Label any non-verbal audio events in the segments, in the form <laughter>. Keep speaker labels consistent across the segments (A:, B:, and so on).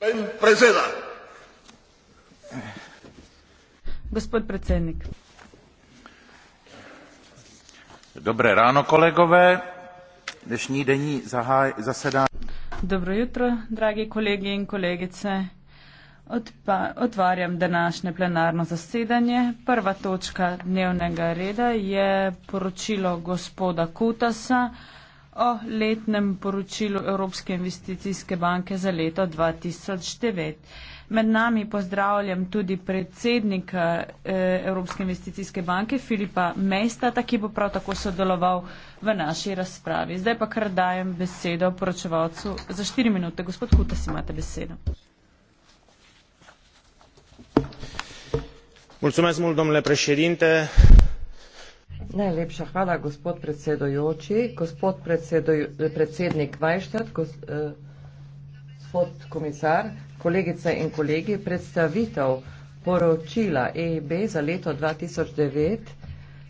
A: Gospod predsednik. Gospod predsednik.
B: Dobré ráno, kolegové. Dnešní denní zahaj, zasedá.
A: Dobro jutro, dragi kolegi in kolegice. Odpa, otvarjam današnje plenarno zasedanje. Prva točka dnevnega reda je poročilo gospoda Kutasa o letnem poročilu Evropske investicijske banke za leto 2009. Med nami pozdravljam tudi predsednika eh, Evropske investicijske banke Filipa Mejstata, ki bo prav tako sodeloval v naši razpravi. Zdaj pa kar dajem besedo poročevalcu za štiri minute. Gospod Kutas, imate besedo.
C: Mulțumesc mult, domnule președinte.
B: Najlepša hvala, gospod predsedojoči, gospod predsedoj, predsednik Vajštad, eh, gospod komisar, kolegice in kolegi, predstavitev poročila EIB za leto 2009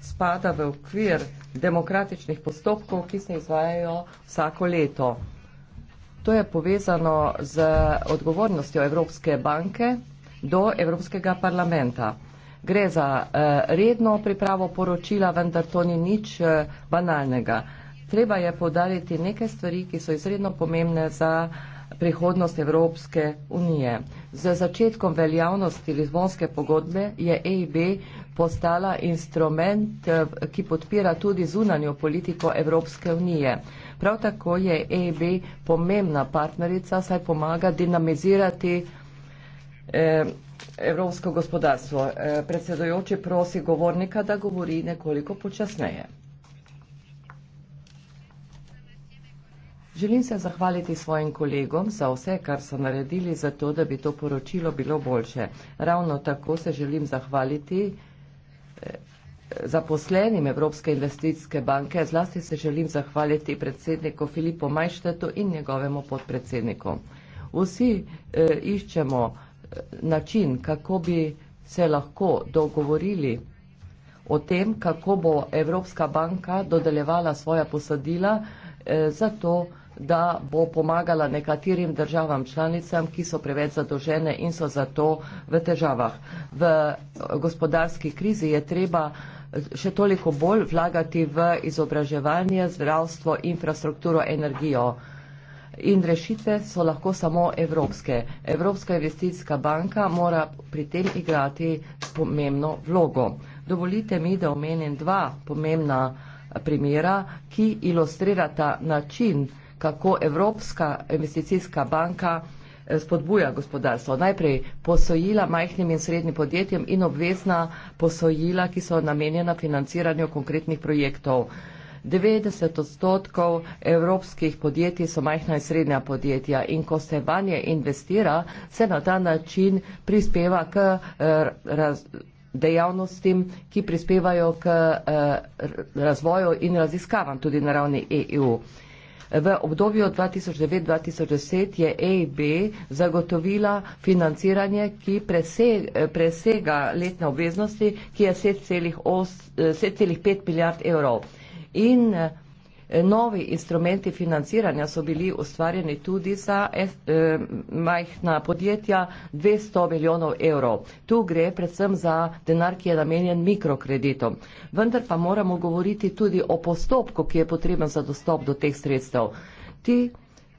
B: spada v okvir demokratičnih postopkov, ki se izvajajo vsako leto. To je povezano z odgovornostjo Evropske banke do Evropskega parlamenta. Gre za uh, redno pripravo poročila, vendar to ni nič uh, banalnega. Treba je podariti neke stvari, ki so izredno pomembne za prihodnost Evropske unije. Z začetkom veljavnosti Lizbonske pogodbe je EIB postala instrument, eh, ki podpira tudi zunanjo politiko Evropske unije. Prav tako je EIB pomembna partnerica, saj pomaga dinamizirati eh, evropsko gospodarstvo. E, Predsedojoči prosi govornika, da govori nekoliko počasneje. Želim se zahvaliti svojim kolegom za vse, kar so naredili za to, da bi to poročilo bilo boljše. Ravno tako se želim zahvaliti e, zaposlenim Evropske investicijske banke, zlasti se želim zahvaliti predsedniku Filipu Majštetu in njegovemu podpredsedniku. Vsi eh, iščemo eh, način, kako bi se lahko dogovorili o tem, kako bo Evropska banka dodeljevala svoja posodila eh, za to, da bo pomagala nekaterim državam članicam, ki so preveč zadožene in so zato v težavah. V eh, gospodarski krizi je treba eh, še toliko bolj vlagati v izobraževanje, zdravstvo, infrastrukturo, energijo. Eh, in rešitve so lahko samo evropske. Evropska investicijska banka mora pri tem igrati pomembno vlogo. Dovolite mi, da omenim dva pomembna primera, ki ilustrirata način, kako Evropska investicijska banka eh, spodbuja gospodarstvo. Najprej posojila majhnim in srednjim podjetjem in obvezna posojila, ki so namenjena financiranju konkretnih projektov. 90 odstotkov evropskih podjetij so majhna in srednja podjetja in ko se vanje investira, se na ta način prispeva k eh, raz, dejavnostim, ki prispevajo k eh, razvoju in raziskavam tudi na ravni EU. V obdobju 2009-2010 je EIB zagotovila financiranje, ki presega, presega letne obveznosti, ki je 7,5 eh, milijard evrov in eh, novi instrumenti financiranja so bili ustvarjeni tudi za eh, majhna podjetja 200 milijonov evrov. Tu gre predvsem za denar, ki je namenjen mikrokreditom. Vendar pa moramo govoriti tudi o postopku, ki je potreben za dostop do teh sredstev. Ti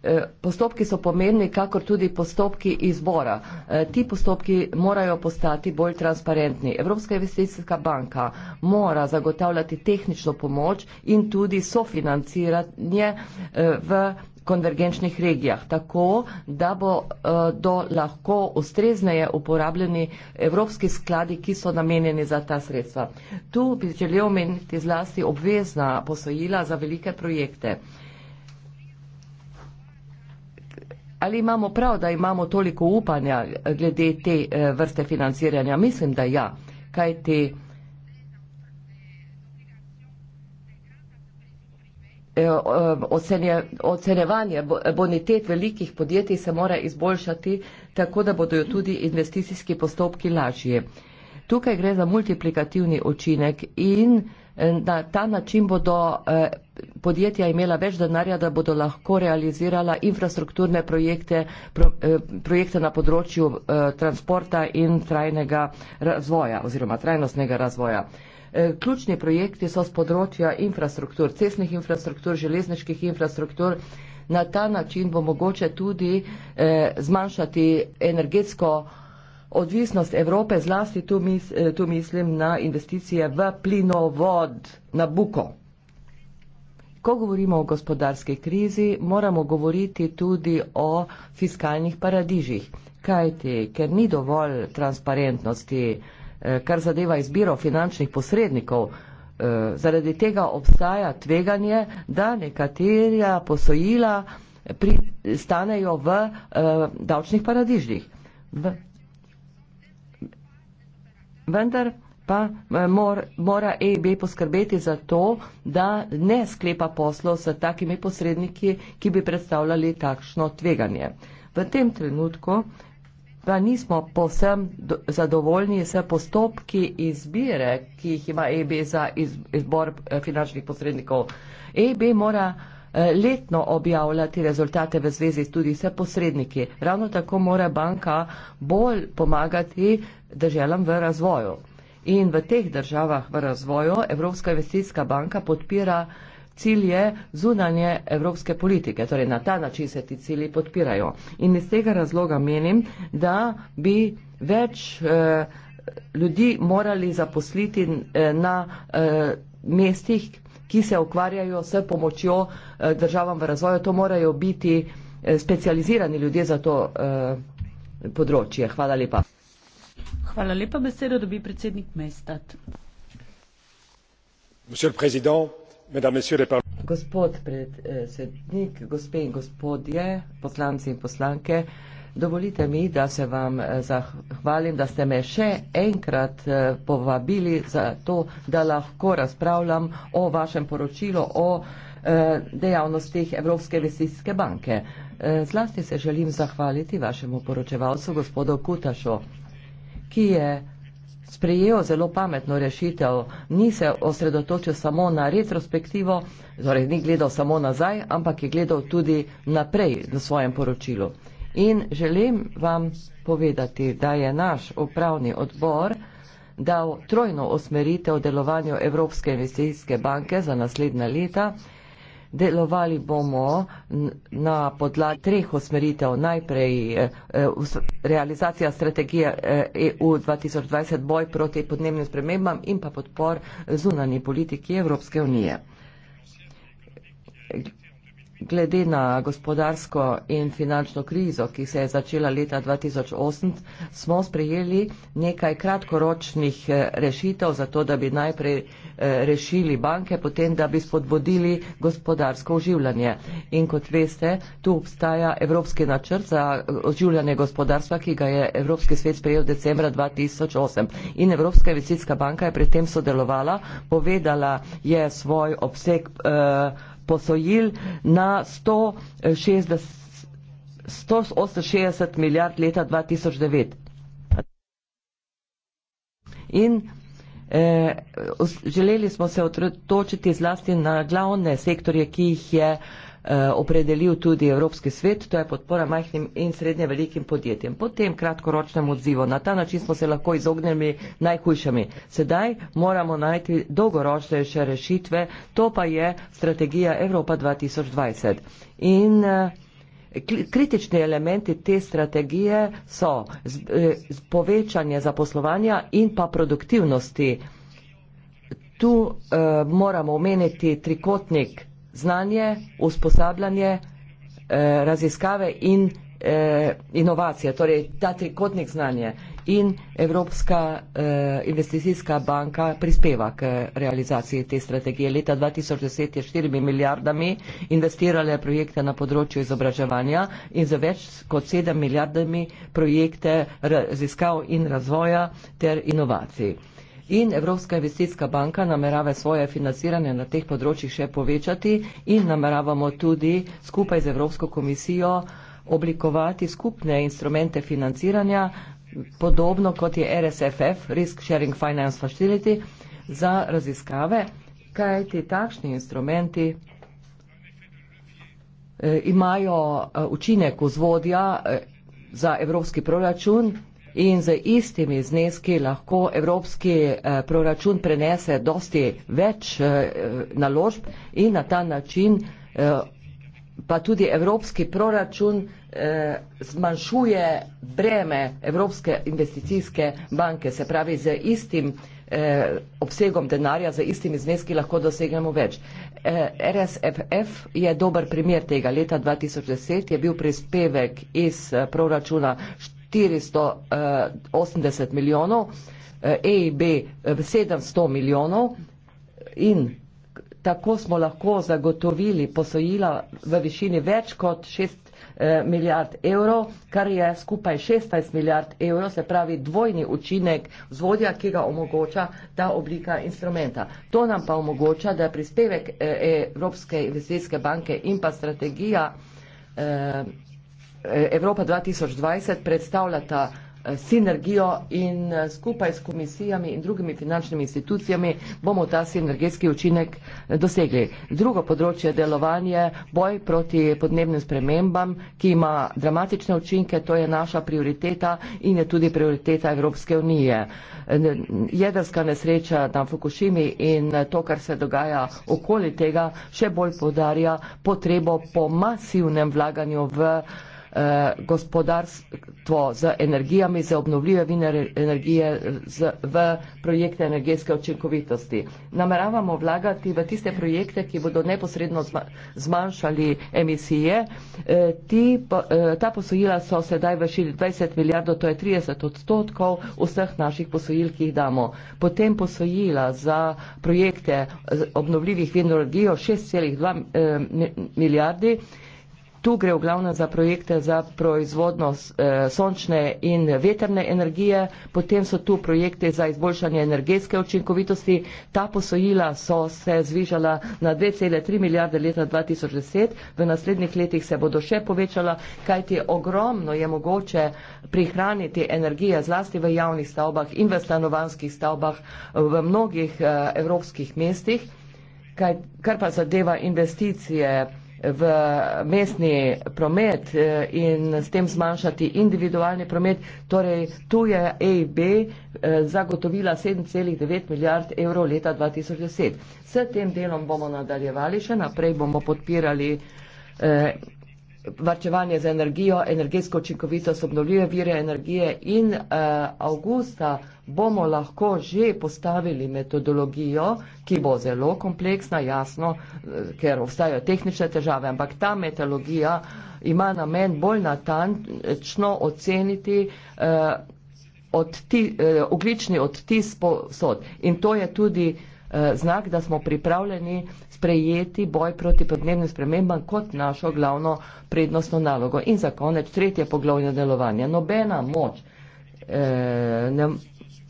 B: Eh, postopki so pomembni, kakor tudi postopki izbora. Eh, ti postopki morajo postati bolj transparentni. Evropska investicijska banka mora zagotavljati tehnično pomoč in tudi sofinanciranje eh, v konvergenčnih regijah, tako da bo do lahko ustrezneje uporabljeni evropski skladi, ki so namenjeni za ta sredstva. Tu bi želel omeniti zlasti obvezna posojila za velike projekte. ali imamo prav, da imamo toliko upanja glede te eh, vrste financiranja? Mislim, da ja. Kaj ti eh, eh, Ocenje, ocenevanje bonitet velikih podjetij se mora izboljšati, tako da bodo tudi investicijski postopki lažji. Tukaj gre za multiplikativni učinek in Na ta način bodo eh, podjetja imela več denarja, da bodo lahko realizirala infrastrukturne projekte, eh, projekte na področju eh, transporta in trajnega razvoja oziroma trajnostnega razvoja. Ključni projekti so z področja infrastruktur, cestnih infrastruktur, železniških infrastruktur. Na ta način bo mogoče tudi zmanjšati energetsko odvisnost Evrope, zlasti tu, mis, eh, tu mislim na investicije v plinovod na Buko. Ko govorimo o gospodarski krizi, moramo govoriti tudi o fiskalnih paradižih. Kajti, ker ni dovolj transparentnosti, eh, kar zadeva izbiro finančnih posrednikov, eh, zaradi tega obstaja tveganje, da nekaterja posojila pristanejo v davčnih paradižih. V vendar pa eh, mor, mora EIB poskrbeti za to, da ne sklepa poslov s takimi posredniki, ki bi predstavljali takšno tveganje. V tem trenutku pa nismo povsem zadovoljni s postopki izbire, ki jih ima EIB za izbor eh, finančnih posrednikov. EIB mora eh, letno objavljati rezultate v zvezi tudi s posredniki. Ravno tako mora banka bolj pomagati državam v razvoju. In v teh državah v razvoju Evropska investicijska banka podpira cilje zunanje evropske politike, torej na ta način se ti cilji podpirajo. In iz tega razloga menim, da bi več eh, ljudi morali zaposliti eh, na eh, mestih, ki se ukvarjajo s pomočjo eh, državam v razvoju. To morajo biti eh, specializirani ljudje za to eh, področje. Hvala lepa.
A: Hvala lepa. Besedo dobi predsednik Mestad.
B: Gospod predsednik, gospe in gospodje, poslanci in poslanke, dovolite mi, da se vam eh, zahvalim, da ste me še enkrat eh, povabili za to, da lahko razpravljam o vašem poročilu o eh, dejavnostih Evropske investicijske banke. Zlasti se želim zahvaliti vašemu poročevalcu, gospodu Kutašu ki je sprejel zelo pametno rešitev, ni se osredotočil samo na retrospektivo, torej ni gledal samo nazaj, ampak je gledal tudi naprej na svojem poročilu. In želim vam povedati, da je naš upravni odbor dal trojno osmeritev delovanju Evropske investicijske banke za naslednja leta. Delovali bomo na podlagi treh usmeritev. Najprej eh, eh, realizacija strategije EU eh, e 2020, boj proti podnebnim spremembam in pa podpor zunani politiki Evropske unije glede na gospodarsko in finančno krizo, ki se je začela leta 2008, smo sprejeli nekaj kratkoročnih eh, rešitev za to, da bi najprej eh, rešili banke, potem da bi spodbudili gospodarsko oživljanje. In kot veste, tu obstaja Evropski načrt za eh, oživljanje gospodarstva, ki ga je Evropski svet sprejel decembra 2008. In Evropska investicijska banka je pri tem sodelovala, povedala je svoj obseg. Uh, posojil na 168 milijard leta 2009. In eh, želeli smo se otročiti zlasti na glavne sektorje, ki jih je eh, Eh, opredelil tudi Evropski svet, to je podpora majhnim in srednje velikim podjetjem. Potem kratkoročnem odzivu. Na ta način smo se lahko izognili najhujšami. Sedaj moramo najti dolgoročnejše rešitve, to pa je strategija Evropa 2020. In eh, kritični elementi te strategije so eh, povečanje zaposlovanja in pa produktivnosti. Tu uh, moramo omeniti trikotnik znanje, usposabljanje, eh, raziskave in eh, inovacije, torej ta trikotnik znanje in Evropska eh, investicijska banka prispeva k realizaciji te strategije. Leta 2010 je štirimi milijardami investirale projekte na področju izobraževanja in za več kot sedem milijardami projekte raziskav in razvoja ter inovacij in Evropska investicijska banka namerava svoje financiranje na teh področjih še povečati in nameravamo tudi skupaj z Evropsko komisijo oblikovati skupne instrumente financiranja, podobno kot je RSFF, Risk Sharing Finance Facility, za raziskave, kajti takšni instrumenti eh, imajo eh, učinek vzvodja eh, za evropski proračun in z istimi zneski lahko evropski eh, proračun prenese dosti več eh, naložb in na ta način eh, pa tudi evropski proračun zmanjšuje breme Evropske investicijske banke, se pravi z istim obsegom denarja, z istimi zneski lahko dosegnemo več. RSFF je dober primer tega. Leta 2010 je bil prispevek iz proračuna 480 eh, milijonov, EIB eh, e 700 eh, milijonov in tako smo lahko zagotovili posojila v višini več kot 6 milijard evrov, kar je skupaj 16 milijard evrov, se pravi dvojni učinek vzvodja, ki ga omogoča ta oblika instrumenta. To nam pa omogoča, da je prispevek Evropske investicijske banke in pa strategija eh, Evropa 2020 predstavljata eh, sinergijo in eh, skupaj s komisijami in drugimi finančnimi institucijami bomo ta sinergijski učinek eh, dosegli. Drugo področje delovanja je boj proti podnebnim spremembam, ki ima dramatične učinke, to je naša prioriteta in je tudi prioriteta Evropske unije. Jedrska nesreča na Fukushimi in to, kar se dogaja okoli tega, še bolj podarja potrebo po masivnem vlaganju v eh, gospodarstvo z energijami, z obnovljive vine energije z, v projekte energetske očinkovitosti. Nameravamo vlagati v tiste projekte, ki bodo neposredno zma, zmanjšali emisije. Eh, ti, po, eh, ta posojila so sedaj vršili 20 milijardov, to je 30 odstotkov vseh naših posojil, ki jih damo. Potem posojila za projekte obnovljivih vin energijo 6,2 eh, milijardi tu gre v glavno za projekte za proizvodno eh, sončne in veterne energije, potem so tu projekte za izboljšanje energetske učinkovitosti. Ta posojila so se zvižala na 2,3 milijarde leta 2010, v naslednjih letih se bodo še povečala, kajti ogromno je mogoče prihraniti energije zlasti v javnih stavbah in v stanovanskih stavbah v mnogih eh, evropskih mestih, kar pa zadeva investicije v mestni promet eh, in s tem zmanjšati individualni promet. Torej, tu je AIB e eh, zagotovila 7,9 milijard evrov leta 2010. S tem delom bomo nadaljevali, še naprej bomo podpirali. Eh, varčevanje z energijo, energetsko učinkovitost, obnovljive vire energije in eh, avgusta bomo lahko že postavili metodologijo, ki bo zelo kompleksna, jasno, eh, ker obstajajo tehnične težave, ampak ta metodologija ima namen bolj natančno oceniti eh, odti, eh, oglični odtis posod. In to je tudi eh, znak, da smo pripravljeni sprejeti boj proti podnebnim spremembam kot našo glavno prednostno nalogo. In za konec tretje poglavje delovanja. Nobena moč eh, ne,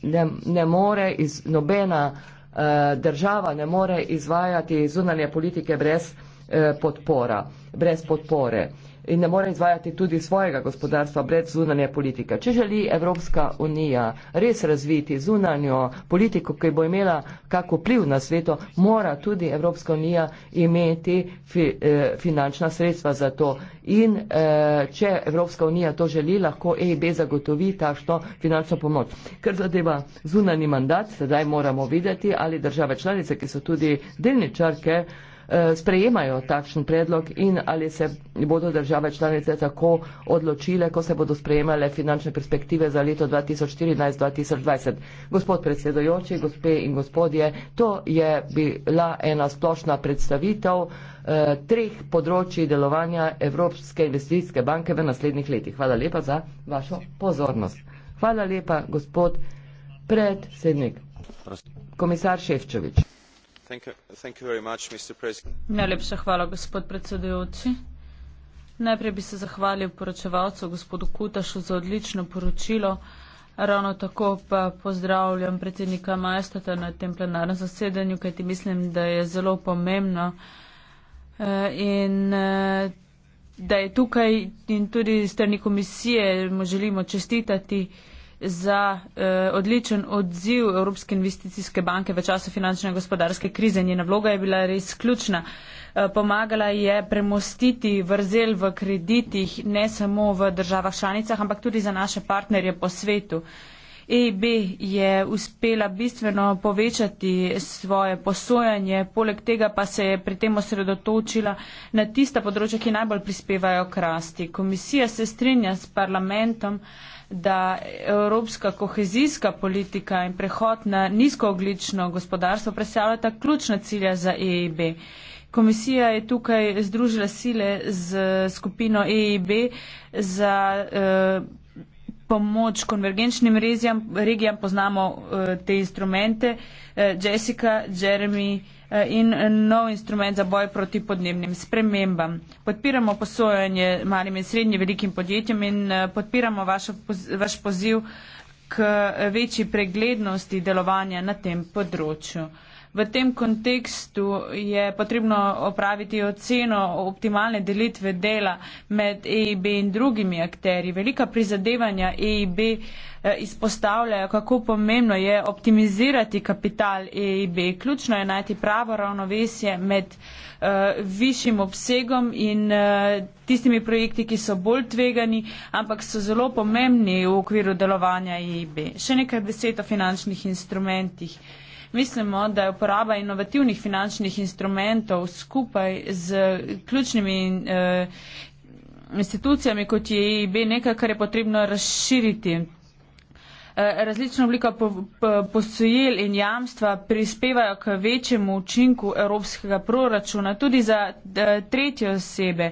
B: ne, ne more, iz, nobena eh, država ne more izvajati zunanje politike brez eh, podpora, brez podpore. Eh, in ne more izvajati tudi svojega gospodarstva brez zunanje politike. Če želi Evropska unija res razviti zunanjo politiko, ki bo imela kak vpliv na sveto, mora tudi Evropska unija imeti fi, eh, finančna sredstva za to. In eh, če Evropska unija to želi, lahko EIB zagotovi takšno finančno pomoč. Ker zadeva zunani mandat, sedaj moramo videti, ali države članice, ki so tudi delničarke, Eh, sprejemajo takšen predlog in ali se bodo države članice tako odločile, ko se bodo sprejemale finančne perspektive za leto 2014-2020. Gospod predsedojoči, gospe in gospodje, to je bila ena splošna predstavitev eh, treh področji delovanja Evropske investicijske banke v naslednjih letih. Hvala lepa za vašo pozornost. Hvala lepa, gospod predsednik. Komisar Ševčovič.
A: Najlepša hvala, gospod predsedujoči. Najprej bi se zahvalil poročevalcu, gospodu Kutašu, za odlično poročilo. Ravno tako pa pozdravljam predsednika Majstata na tem plenarnem zasedanju, kajti mislim, da je zelo pomembno eh, in eh, da je tukaj in tudi strani komisije mu želimo čestitati za eh, odličen odziv Evropske investicijske banke v času finančne gospodarske krize. Njena vloga je bila res ključna. Eh, pomagala je premostiti vrzel v kreditih ne samo v državah članicah, ampak tudi za naše partnerje po svetu. EIB je uspela bistveno povečati svoje posojanje, poleg tega pa se je pri tem osredotočila na tista področja, ki najbolj prispevajo k rasti. Komisija se strinja s parlamentom, da evropska kohezijska politika in prehod na nizkooglično gospodarstvo predstavljata ključna cilja za EIB. Komisija je tukaj združila sile z skupino EIB za eh, pomoč konvergenčnim rezijam, regijam, poznamo eh, te instrumente. Eh, Jessica, Jeremy, eh, Eh, in nov instrument za boj proti podnebnim spremembam. Podpiramo posojanje malim in srednjim velikim podjetjem in eh, podpiramo vaš, vaš poziv k eh, večji preglednosti delovanja na tem področju. V tem kontekstu je potrebno opraviti oceno optimalne delitve dela med EIB in drugimi akteri. Velika prizadevanja EIB eh, izpostavljajo, kako pomembno je optimizirati kapital EIB. Ključno je najti pravo ravnovesje med uh, višjim obsegom in uh, tistimi projekti, ki so bolj tvegani, ampak so zelo pomembni v okviru delovanja EIB. Še nekaj besed o finančnih instrumentih. Uh, Mislimo, da je uporaba inovativnih finančnih instrumentov skupaj z ključnimi eh, institucijami, kot je e IB, nekaj, kar je potrebno razširiti. Eh, različna oblika posojil in jamstva prispevajo k večjemu učinku evropskega proračuna tudi za eh, tretje osebe.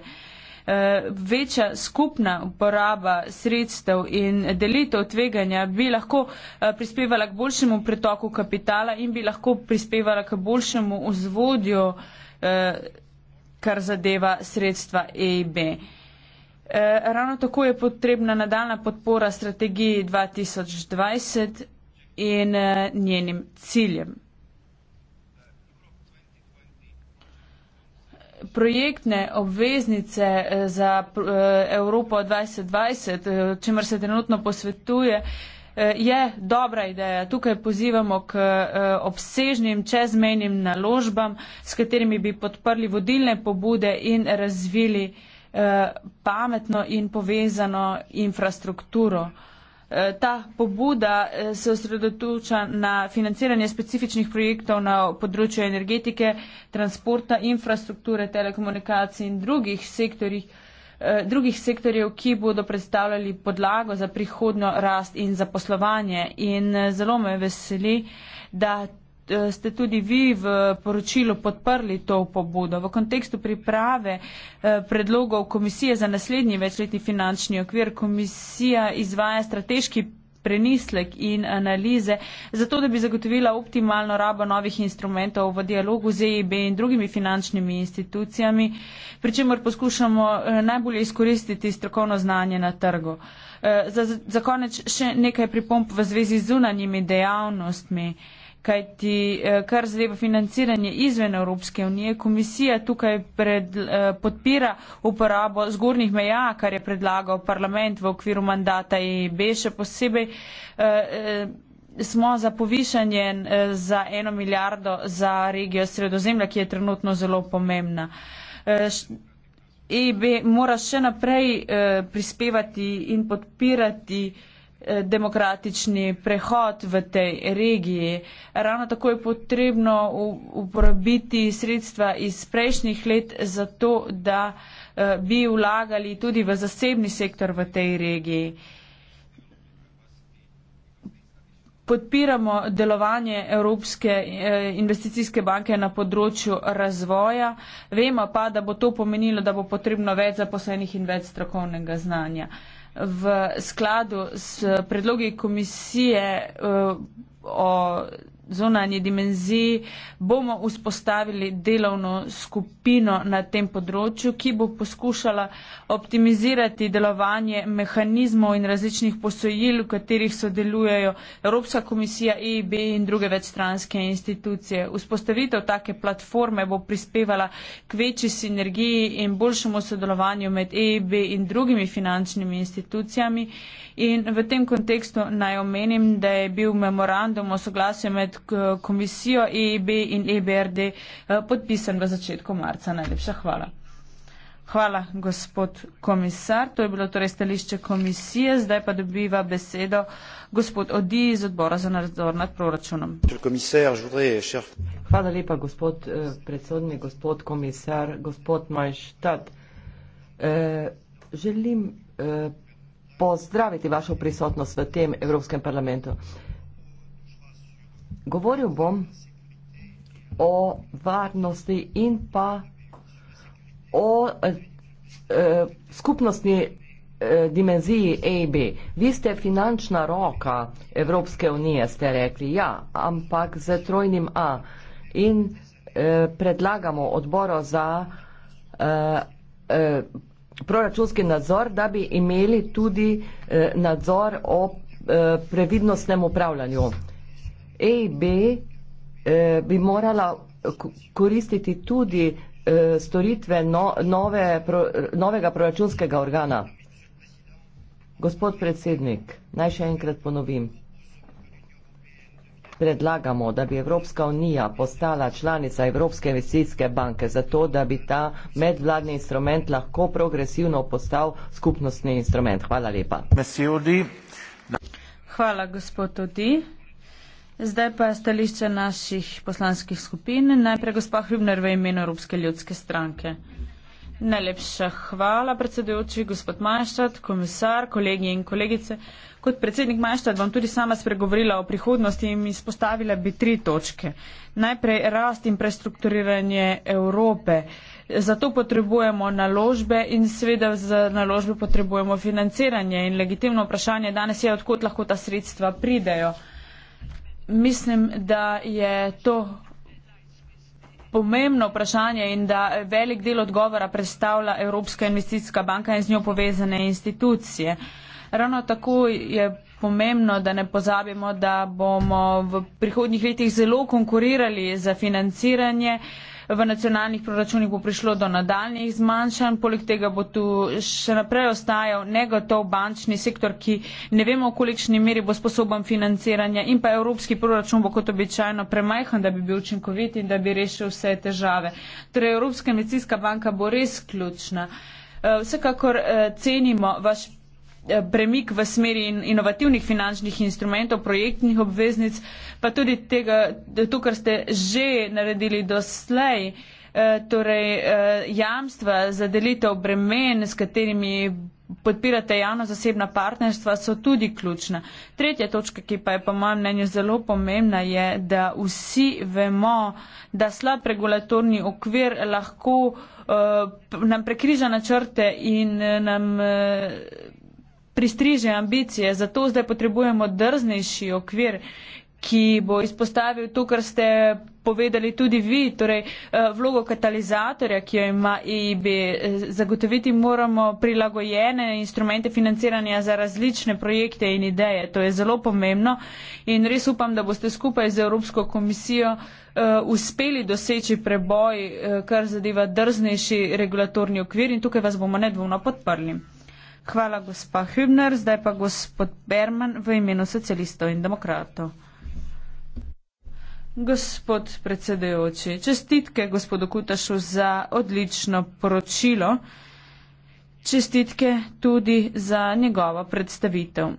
A: Eh, večja skupna uporaba sredstev in delitev tveganja bi lahko eh, prispevala k boljšemu pretoku kapitala in bi lahko prispevala k boljšemu vzvodju, eh, kar zadeva sredstva EIB. Ravno tako je potrebna nadaljna podpora strategiji 2020 in njenim ciljem. projektne obveznice eh, za eh, Evropo 2020, eh, čemer se trenutno posvetuje, je dobra ideja. Tukaj pozivamo k obsežnim čezmenjim naložbam, s katerimi bi podprli vodilne pobude in razvili pametno in povezano infrastrukturo ta pobuda eh, se osredotoča na financiranje specifičnih projektov na področju energetike, transporta, infrastrukture, telekomunikacij in drugih sektorjih eh, drugih sektorjev, ki bodo predstavljali podlago za prihodno rast in zaposlovanje. In eh, zelo me veseli, da ste tudi vi v poročilu podprli to pobudo. V kontekstu priprave eh, predlogov komisije za naslednji večletni finančni okvir komisija izvaja strateški prenislek in analize, zato da bi zagotovila optimalno rabo novih instrumentov v dialogu z EIB in drugimi finančnimi institucijami, pri čemer poskušamo eh, najbolje izkoristiti strokovno znanje na trgu. Eh, za, za konec še nekaj pripomp v zvezi z zunanjimi dejavnostmi kajti eh, kar zadeva financiranje izven Evropske unije, komisija tukaj pred, eh, podpira uporabo zgornjih meja, kar je predlagal parlament v okviru mandata EIB, še posebej eh, smo za povišanje za eno milijardo za regijo Sredozemlja, ki je trenutno zelo pomembna. EIB e mora še naprej prispevati in podpirati Eh, demokratični prehod v tej regiji. Ravno tako je potrebno uporabiti sredstva iz prejšnjih let za to, da eh, bi vlagali tudi v zasebni sektor v tej regiji. Podpiramo delovanje Evropske eh, investicijske banke na področju razvoja, vemo pa, da bo to pomenilo, da bo potrebno več zaposlenih in več strokovnega znanja v skladu s predlogi komisije uh, o zunanje dimenziji, bomo vzpostavili delovno skupino na tem področju, ki bo poskušala optimizirati delovanje mehanizmov in različnih posojil, v katerih sodelujejo Evropska komisija, EIB in druge večstranske institucije. Vzpostavitev take platforme bo prispevala k večji sinergiji in boljšemu sodelovanju med EIB in drugimi finančnimi institucijami. In v tem kontekstu naj omenim, da je bil memorandum o soglasju med Eh, komisijo EIB e in EBRD eh, podpisan v začetku marca. Najlepša hvala. Hvala, gospod komisar. To je bilo torej stališče komisije. Zdaj pa dobiva besedo gospod Odi iz odbora za nadzor nad proračunom. Euh,
B: hvala lepa, gospod eh, predsodnik, gospod komisar, gospod Majštad. Želim pozdraviti vašo prisotnost v tem Evropskem parlamentu. Govoril bom o varnosti in pa o eh, eh skupnostni eh, dimenziji EIB. Vi ste finančna roka Evropske unije, ste rekli, ja, ampak z trojnim A. In eh, predlagamo odboro za eh, eh, proračunski nadzor, da bi imeli tudi eh, nadzor o eh, previdnostnem upravljanju. EIB eh, bi morala koristiti tudi eh, storitve no-, nove, novega proračunskega organa. Gospod predsednik, naj še enkrat ponovim. Predlagamo, da bi Evropska unija postala članica Evropske investicijske banke, zato da bi ta medvladni instrument lahko progresivno postal skupnostni instrument. Hvala lepa. Hvala, gospod Odi.
A: Zdaj pa je stališče naših poslanskih skupin. Najprej gospa Hrubner v imenu Evropske ljudske stranke. Najlepša hvala, predsedujoči, gospod Majščat, komisar, kolegi in kolegice. Kot predsednik Majščat vam tudi sama spregovorila o prihodnosti in izpostavila bi tri točke. Najprej rast in prestrukturiranje Evrope. Zato potrebujemo naložbe in seveda za naložbe potrebujemo financiranje. In legitimno vprašanje danes je, odkot lahko ta sredstva pridejo mislim, da je to pomembno vprašanje in da velik del odgovora predstavlja Evropska investicijska banka in z njo povezane institucije. Ravno tako je pomembno, da ne pozabimo, da bomo v prihodnjih letih zelo konkurirali za financiranje uh, V nacionalnih proračunih bo prišlo do nadaljnih zmanjšanj, poleg tega bo tu še naprej ostajal negotov bančni sektor, ki ne vemo, v kolikšni meri bo sposoben financiranja in pa evropski proračun bo kot običajno premajhan, da bi bil učinkovit in da bi rešil vse težave. Torej, Evropska medicinska banka bo res ključna. Eh, vsekakor eh, cenimo vaš Eh, premik v smeri inovativnih finančnih instrumentov, projektnih obveznic, pa tudi tega, to, kar ste že naredili doslej, eh, torej eh, jamstva za delitev bremen, s katerimi podpirate javno-zasebna partnerstva, so tudi ključna. Tretja točka, ki pa je po mojem mnenju zelo pomembna, je, da vsi vemo, da slab regulatorni okvir lahko uh, nam prekriža načrte in uh, nam. Uh, pristriže ambicije, zato zdaj potrebujemo drznejši okvir, ki bo izpostavil to, kar ste povedali tudi vi, torej eh, vlogo katalizatorja, ki jo ima EIB. Eh, zagotoviti moramo prilagojene instrumente financiranja za različne projekte in ideje. To je zelo pomembno in res upam, da boste skupaj z Evropsko komisijo eh, uspeli doseči preboj, kar zadeva drznejši regulatorni okvir in tukaj vas bomo nedvomno podprli. Hvala, gospa Hübner. Zdaj pa gospod Berman v imenu socialistov in demokratov. Gospod predsedujoči, čestitke gospodu Kutašu za odlično poročilo. Čestitke tudi za njegovo predstavitev.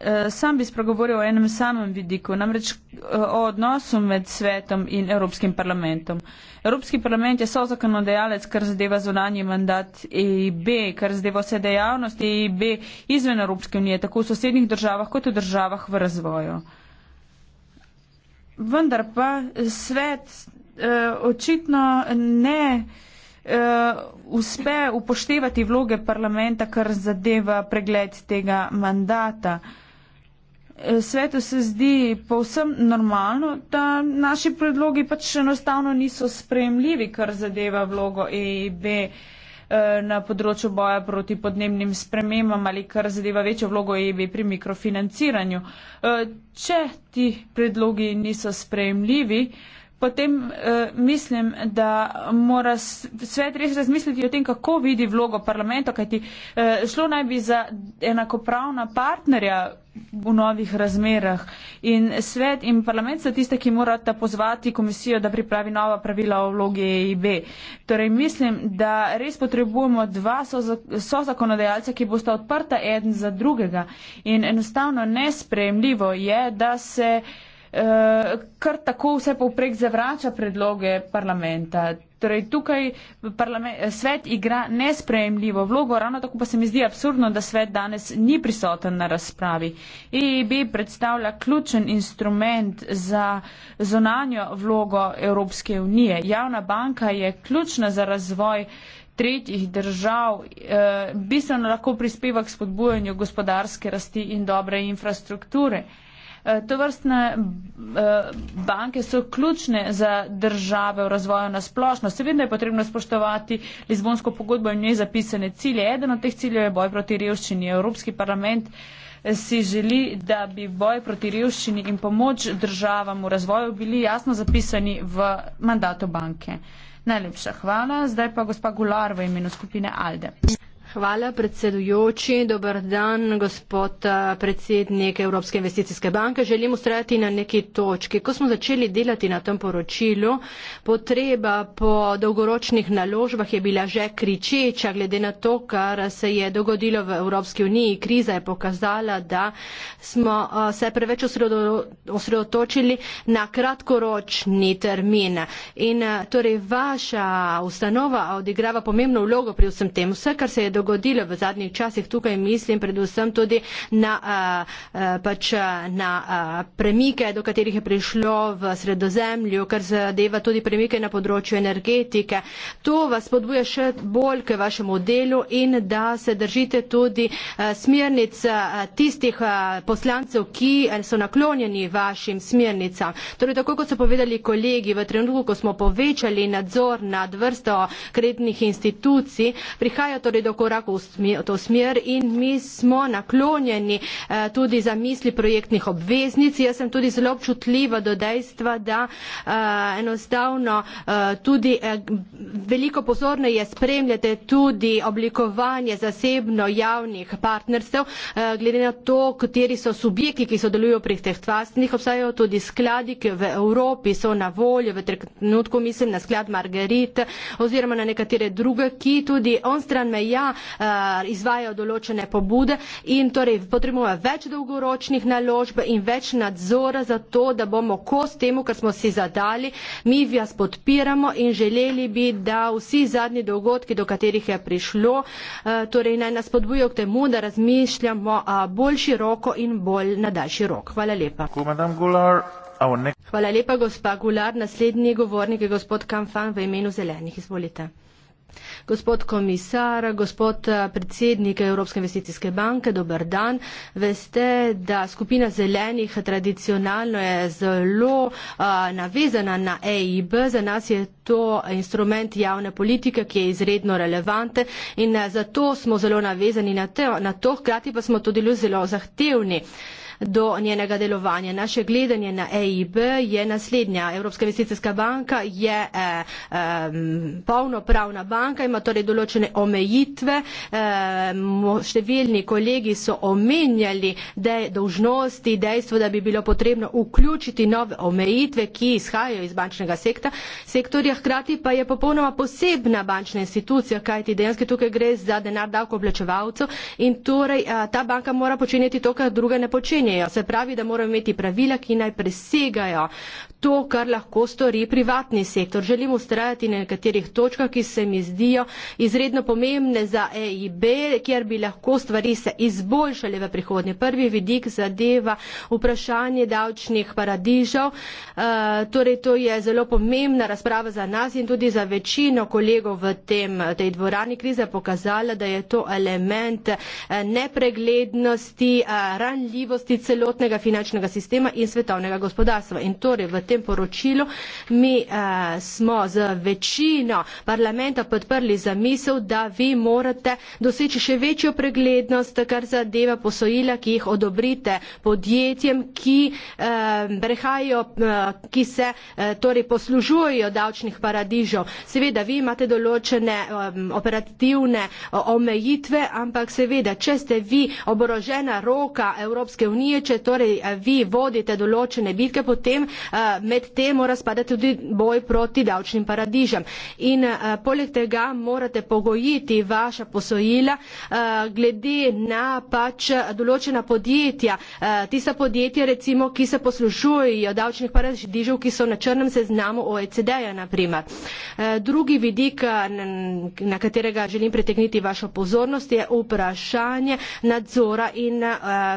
A: Eh, sam bi spregovoril o enem samem vidiku, namreč eh, o odnosu med svetom in Evropskim parlamentom. Evropski parlament je sozakonodajalec, kar zadeva zunanji mandat EIB, kar zadeva vse dejavnosti EIB izven Evropske unije, tako v sosednjih državah kot v državah v razvoju. Vendar pa svet eh, očitno ne eh, uspe upoštevati vloge parlamenta, kar zadeva pregled tega mandata. Eh, svetu se zdi povsem normalno, da naši predlogi pač enostavno niso sprejemljivi, kar zadeva vlogo EIB eh, na področju boja proti podnebnim spremembam ali kar zadeva večjo vlogo EIB pri mikrofinanciranju. Eh, če ti predlogi niso sprejemljivi, potem uh, mislim, da mora svet res razmisliti o tem, kako vidi vlogo parlamenta, kajti uh, šlo naj bi za enakopravna partnerja v novih razmerah. In svet in parlament so tiste, ki morata pozvati komisijo, da pripravi nova pravila o vlogi EIB. Torej mislim, da res potrebujemo dva sozakonodajalca, ki bosta odprta eden za drugega. In enostavno nespremljivo je, da se. Eh, kar tako vse povprek zavrača predloge parlamenta. Torej, tukaj svet igra nesprejemljivo vlogo, ravno tako pa se mi zdi absurdno, da svet danes ni prisoten na razpravi. EIB e predstavlja ključen instrument za zonanjo vlogo Evropske unije. Javna banka je ključna za razvoj tretjih držav, eh, bistveno lahko prispeva k spodbujanju gospodarske rasti in dobre infrastrukture. Eh, Eh, to vrstne eh, banke so ključne za države v razvoju na splošno. Seveda je potrebno spoštovati Lizbonsko pogodbo in v njej zapisane cilje. Eden od teh ciljev je boj proti revščini. Evropski parlament eh, si želi, da bi boj proti revščini in pomoč državam v razvoju bili jasno zapisani v mandato banke. Najlepša hvala. Zdaj pa gospa Gular v imenu skupine Alde.
C: Hvala predsedujoči. Dobar dan, gospod eh, predsednik Evropske investicijske banke. Želim ustrajati na neki točki. Ko smo začeli delati na tem poročilu, potreba po dolgoročnih naložbah je bila že kričeča, glede na to, kar se je dogodilo v Evropski uniji. Kriza je pokazala, da smo eh, se preveč osredotočili na kratkoročni termin. In eh, torej vaša ustanova odigrava pomembno vlogo pri vsem tem. Vse, kar se je dogodilo, dogodilo v zadnjih časih tukaj, mislim predvsem tudi na, eh, eh, pač eh, na premike, do katerih je prišlo v sredozemlju, kar zadeva tudi premike na področju energetike. To vas podbuja še bolj k vašemu delu in da se držite tudi smernic tistih poslancev, ki so naklonjeni vašim smernicam. Torej, tako kot so povedali kolegi, v trenutku, ko smo povečali nadzor nad vrsto kreditnih institucij, prihaja torej do korak korak v to smer in mi smo naklonjeni eh, tudi za misli projektnih obveznic. Jaz sem tudi zelo občutljiva do dejstva, da eh, enostavno eh, tudi veliko pozorno je spremljate tudi oblikovanje zasebno javnih partnerstev, glede na to, kateri so subjekti, ki sodelujo pri teh tvastnih, obstajajo tudi skladi, ki v Evropi so na voljo, v trenutku mislim na sklad Margarit oziroma na nekatere druge, ki tudi on stran meja Eh, izvajajo določene pobude in torej potrebujemo več dolgoročnih naložb in več nadzora za to, da bomo kos temu, kar smo si zadali, mi vas podpiramo in želeli bi, da vsi zadnji dogodki, do katerih je prišlo, eh, torej naj nas podbujo k temu, da razmišljamo eh, bolj široko in bolj na daljši rok. Hvala lepa. Hvala lepa, gospa Gular. Naslednji govornik je gospod Kamfan v imenu zelenih. Izvolite. Gospod komisar, gospod eh, predsednik Evropske investicijske banke, dober dan. Veste, da skupina zelenih tradicionalno je zelo uh, navezana na EIB. Za nas je to instrument javne politike, ki je izredno relevante in eh, zato smo zelo navezani na to, na to hkrati pa smo tudi zelo zahtevni. Uh, do njenega delovanja. Naše gledanje na EIB je naslednja. Evropska investicijska banka je eh, eh, polnopravna banka, ima torej določene omejitve. Eh, številni kolegi so omenjali dožnosti, dejstvo, da bi bilo potrebno vključiti nove omejitve, ki izhajajo iz bančnega sekta, sektorja. Hkrati pa je popolnoma posebna bančna institucija, kajti dejansko tukaj gre za denar davkoplačevalcev in torej eh, ta banka mora početi to, kar druga ne počenja smejo. Se pravi, da moramo imeti pravila, ki naj presegajo to, kar lahko stori privatni sektor. Želim ustrajati na nekaterih točkah, ki se mi zdijo izredno pomembne za EIB, kjer bi lahko stvari se izboljšale v prihodnje. Prvi vidik zadeva vprašanje davčnih paradižev. Uh, torej, to je zelo pomembna razprava za nas in tudi za večino kolegov v tem, tej dvorani. Kriza je pokazala, da je to element eh, nepreglednosti, eh, ranljivosti celotnega finančnega sistema in svetovnega gospodarstva. In torej, tem poročilu. Mi eh, smo z večino parlamenta podprli zamisel, da vi morate doseči še večjo preglednost, kar zadeva posojila, ki jih odobrite podjetjem, ki, eh, prehajajo, eh, ki se eh, torej poslužujejo davčnih paradižov. Seveda, vi imate določene eh, operativne eh, omejitve, ampak seveda, če ste vi oborožena roka Evropske unije, če torej eh, vi vodite določene bitke, potem eh, med tem mora spadati tudi boj proti davčnim paradižem. In eh, poleg tega morate pogojiti vaša posojila eh, glede na pač eh, določena podjetja. Tista podjetja, recimo, ki se poslušujejo davčnih paradižev, ki so na črnem seznamu OECD-ja, naprimer. Drugi vidik, na katerega želim pretekniti vašo pozornost, je vprašanje nadzora in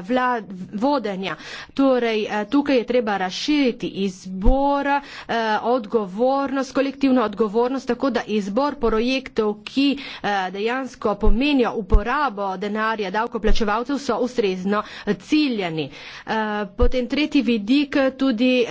C: vlad, vodenja. Torej, tukaj je treba razširiti iz izbora, eh, odgovornost, kolektivno odgovornost, tako da izbor projektov, ki eh, dejansko pomenijo uporabo denarja davkoplačevalcev, so ustrezno ciljani. Eh, potem tretji vidik tudi,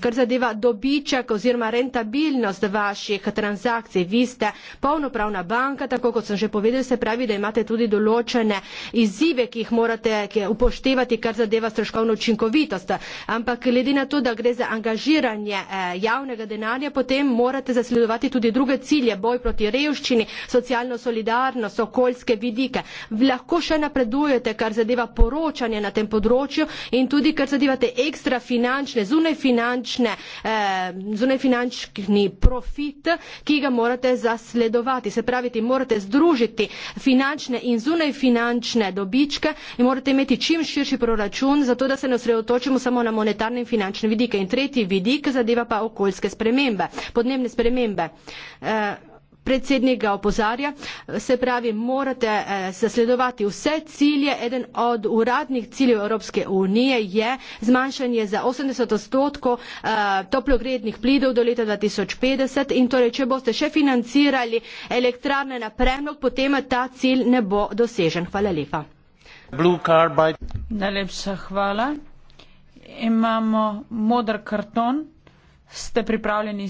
C: kar zadeva dobiček oziroma rentabilnost vaših transakcij. Vi ste polnopravna banka, tako kot sem že povedal, se pravi, da imate tudi določene izzive, ki jih morate upoštevati, kar zadeva stroškovno učinkovitost. Ampak glede na to, da gre za angličanje, angažiranje eh, javnega denarja, potem morate zasledovati tudi druge cilje, boj proti revščini, socialno solidarnost, okoljske vidike. Lahko še napredujete, kar zadeva poročanje na tem področju in tudi, kar zadeva te ekstra finančne, zunaj finančne, eh, zunaj finančni profit, ki ga morate zasledovati. Se pravi, morate združiti finančne in zunaj finančne dobičke in morate imeti čim širši proračun, zato da se ne osredotočimo samo na monetarne in finančne vidike. In tretje, tretji vidik zadeva pa okoljske spremembe, podnebne spremembe. E, predsednik ga opozarja, se pravi, morate e, zasledovati vse cilje. Eden od uradnih ciljev Evropske unije je zmanjšanje za 80 odstotkov e, toplogrednih plidov do leta 2050 in torej, če boste še financirali elektrarne na premog, potem ta cilj ne bo dosežen. Hvala lepa.
A: Najlepša hvala imamo modr karton. Ste pripravljeni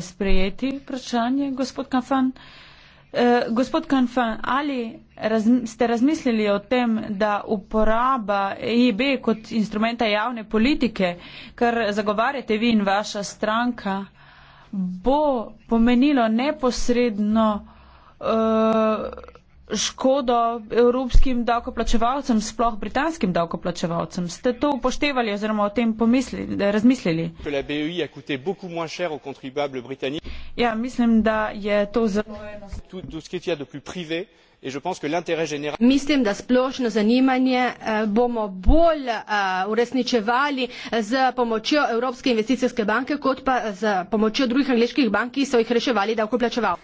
A: sprejeti vprašanje, gospod Kanfan? Uh, gospod Kanfan, ali raz, ste razmislili o tem, da uporaba EIB kot instrumenta javne politike, kar zagovarjate vi in vaša stranka, bo pomenilo neposredno uh, škodo evropskim davkoplačevalcem, sploh britanskim davkoplačevalcem? Ste to upoštevali oziroma o tem pomislili, razmislili? E ja, mislim, da
C: je to zelo. Mislim, da splošno zanimanje eh, bomo bolj eh, uresničevali eh, z pomočjo Evropske investicijske banke, kot pa z pomočjo drugih angliških bank, ki so jih reševali davkoplačevalci.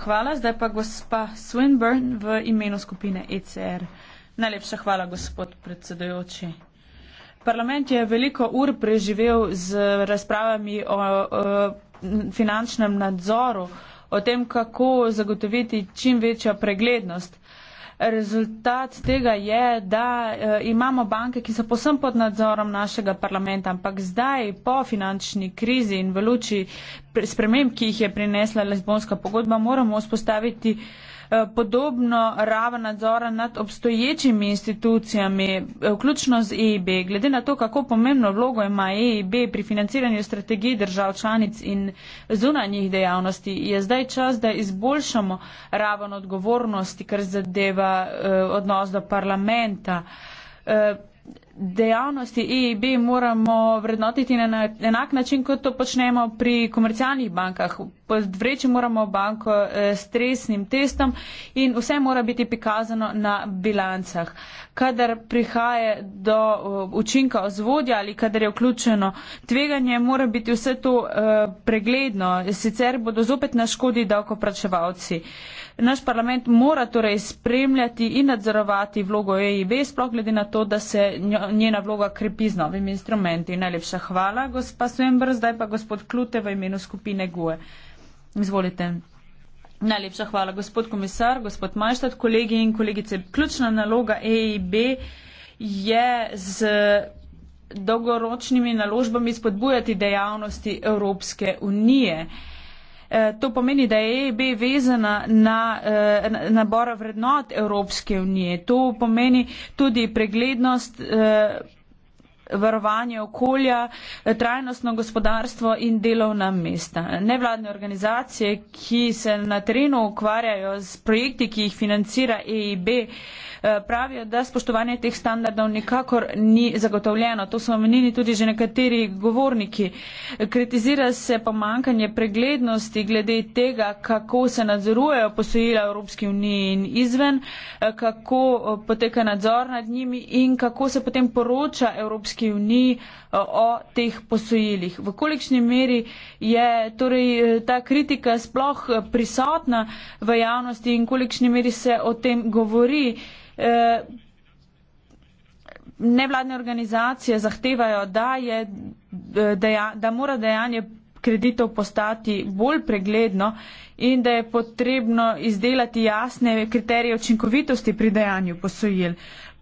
A: Hvala. Zdaj pa gospa Swinburne v imenu skupine ECR. Najlepša hvala, gospod predsedojoči. Parlament je veliko ur preživel z razpravami o, o finančnem nadzoru, o tem, kako zagotoviti čim večjo preglednost rezultat tega je, da eh, imamo banke, ki so posem pod nadzorom našega parlamenta, ampak zdaj po finančni krizi in v luči sprememb, ki jih je prinesla Lezbonska pogodba, moramo vzpostaviti uh, Eh, podobno raven nadzora nad obstoječimi institucijami, eh, vključno z EIB. Glede na to, kako pomembno vlogo ima EIB pri financiranju strategij držav članic in zunanjih dejavnosti, je zdaj čas, da izboljšamo raven odgovornosti, kar zadeva eh, odnos do parlamenta dejavnosti EIB moramo vrednotiti na enak način, kot to počnemo pri komercialnih bankah. Podvreči moramo banko eh, stresnim testom in vse mora biti prikazano na bilancah. Kadar prihaja do eh, učinka ozvodja ali kadar je vključeno tveganje, mora biti vse to eh, pregledno, sicer bodo zopet na škodi davkopračevalci. Naš parlament mora torej spremljati in nadzorovati vlogo EIB, sploh glede na to, da se njena vloga krepi z novimi instrumenti. Najlepša hvala, gospa Svembr, zdaj pa gospod Klute v imenu skupine GUE. Izvolite. Najlepša hvala, gospod komisar, gospod Majštad, kolegi in kolegice. Ključna naloga EIB je z dolgoročnimi naložbami spodbujati dejavnosti Evropske unije. Uh, Eh, to pomeni, da je EIB vezana na eh, nabora vrednot Evropske unije. To pomeni tudi preglednost. Eh, varovanje okolja, trajnostno gospodarstvo in delovna mesta. Nevladne organizacije, ki se na terenu ukvarjajo z projekti, ki jih financira EIB, eh, pravijo, da spoštovanje teh standardov nikakor ni zagotovljeno. To so omenili tudi že nekateri govorniki. Kritizira se pomankanje preglednosti glede tega, kako se nadzorujejo posojila Evropski uniji in izven, eh, kako eh, poteka nadzor nad njimi in kako se potem poroča Evropski Evropski uniji eh, o teh posojilih. V kolikšni meri je torej eh, ta kritika sploh eh, prisotna v javnosti in kolikšni meri se o tem govori? Nevladne organizacije zahtevajo, da, je, da, da mora dejanje kreditov postati bolj pregledno in da je potrebno izdelati jasne kriterije očinkovitosti pri dejanju posojil.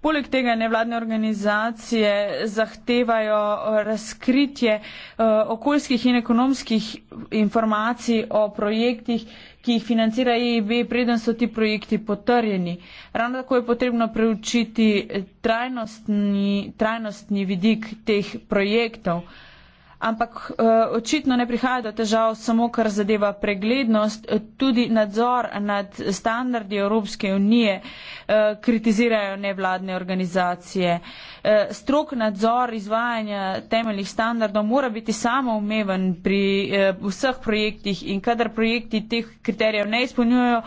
A: Poleg tega nevladne organizacije zahtevajo eh, razkritje eh, okoljskih in ekonomskih informacij o projektih, ki jih financira EIB, preden so ti projekti potrjeni. Ravno tako je potrebno preučiti trajnostni, trajnostni vidik teh projektov ampak eh, očitno ne prihaja do težav samo, kar zadeva preglednost, tudi nadzor nad standardi Evropske unije eh, kritizirajo nevladne organizacije. Eh, strok nadzor izvajanja temeljih standardov mora biti samoumeven pri vseh projektih in kadar projekti teh kriterijev ne izpolnjujejo,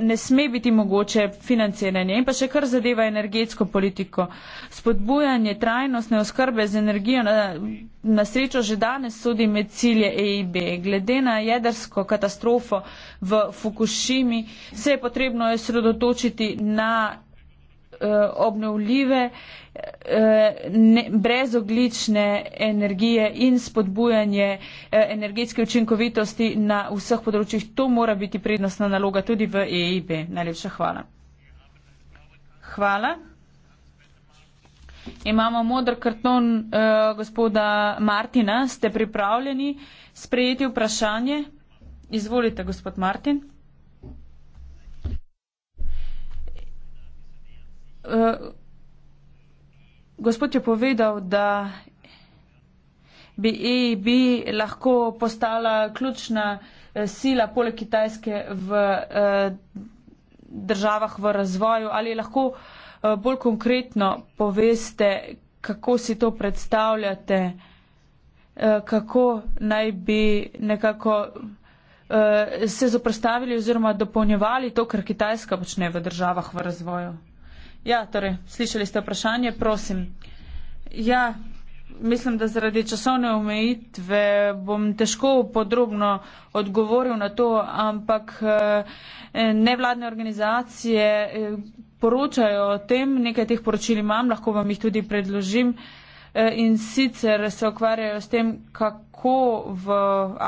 A: ne sme biti mogoče financiranje. In pa še kar zadeva energetsko politiko. Spodbujanje trajnostne oskrbe z energijo na, na srečo že danes sodi med cilje EIB. Glede na jedrsko katastrofo v Fukushimi se je potrebno osredotočiti na eh, obnovljive, eh, brezoglične energije in spodbujanje eh, energetske učinkovitosti na vseh področjih. To mora biti prednostna naloga tudi v EIB. Najlepša hvala. Hvala. Imamo modr karton uh, gospoda Martina. Ste pripravljeni sprejeti vprašanje? Izvolite, gospod Martin. Uh, gospod je povedal, da bi EIB lahko postala ključna uh, sila poleg Kitajske v uh, državah v razvoju. Ali lahko uh, Eh, bolj konkretno poveste, kako si to predstavljate, eh, kako naj bi nekako eh, se zaprostavili oziroma dopolnjevali to, kar Kitajska počne v državah v razvoju. Ja, torej, slišali ste vprašanje, prosim. Ja, mislim, da zaradi časovne omejitve bom težko podrobno odgovoril na to, ampak nevladne organizacije poročajo o tem, nekaj teh poročil imam, lahko vam jih tudi predložim. Eh, in sicer se ukvarjajo s tem, kako v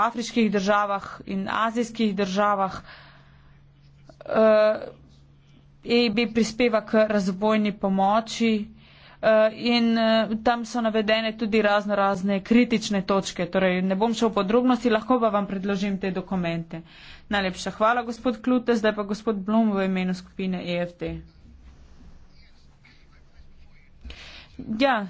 A: afriških državah in azijskih državah EIB eh, e prispeva k razvojni pomoči. Eh, in tam so navedene tudi razno razne kritične točke. Torej, ne bom šel v podrobnosti, lahko pa vam predložim te dokumente. Najlepša hvala, gospod Klute, zdaj pa gospod Blum v imenu skupine EFT. Ja,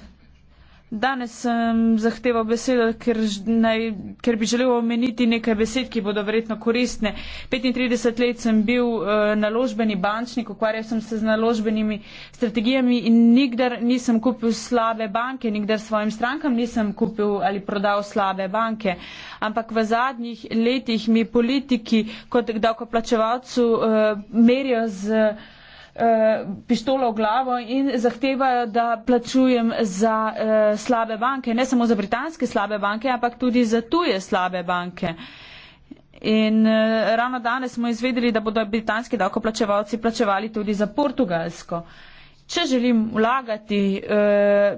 A: danes sem zahteval besedo, ker, naj, ker bi želel omeniti nekaj besed, ki bodo verjetno koristne. 35 let sem bil uh, naložbeni bančnik, ukvarjal sem se z naložbenimi strategijami in nikdar nisem kupil slabe banke, nikdar svojim strankam nisem kupil ali prodal slabe banke. Ampak v zadnjih letih mi politiki kot davkoplačevalcu uh, merijo z. Uh, Eh, pištolo v glavo in zahtevajo, da plačujem za uh, slabe banke, ne samo za britanske slabe banke, ampak tudi za tuje slabe banke. In uh, ravno danes smo izvedeli, da bodo britanski davkoplačevalci plačevali tudi za portugalsko. Uh, če želim vlagati eh,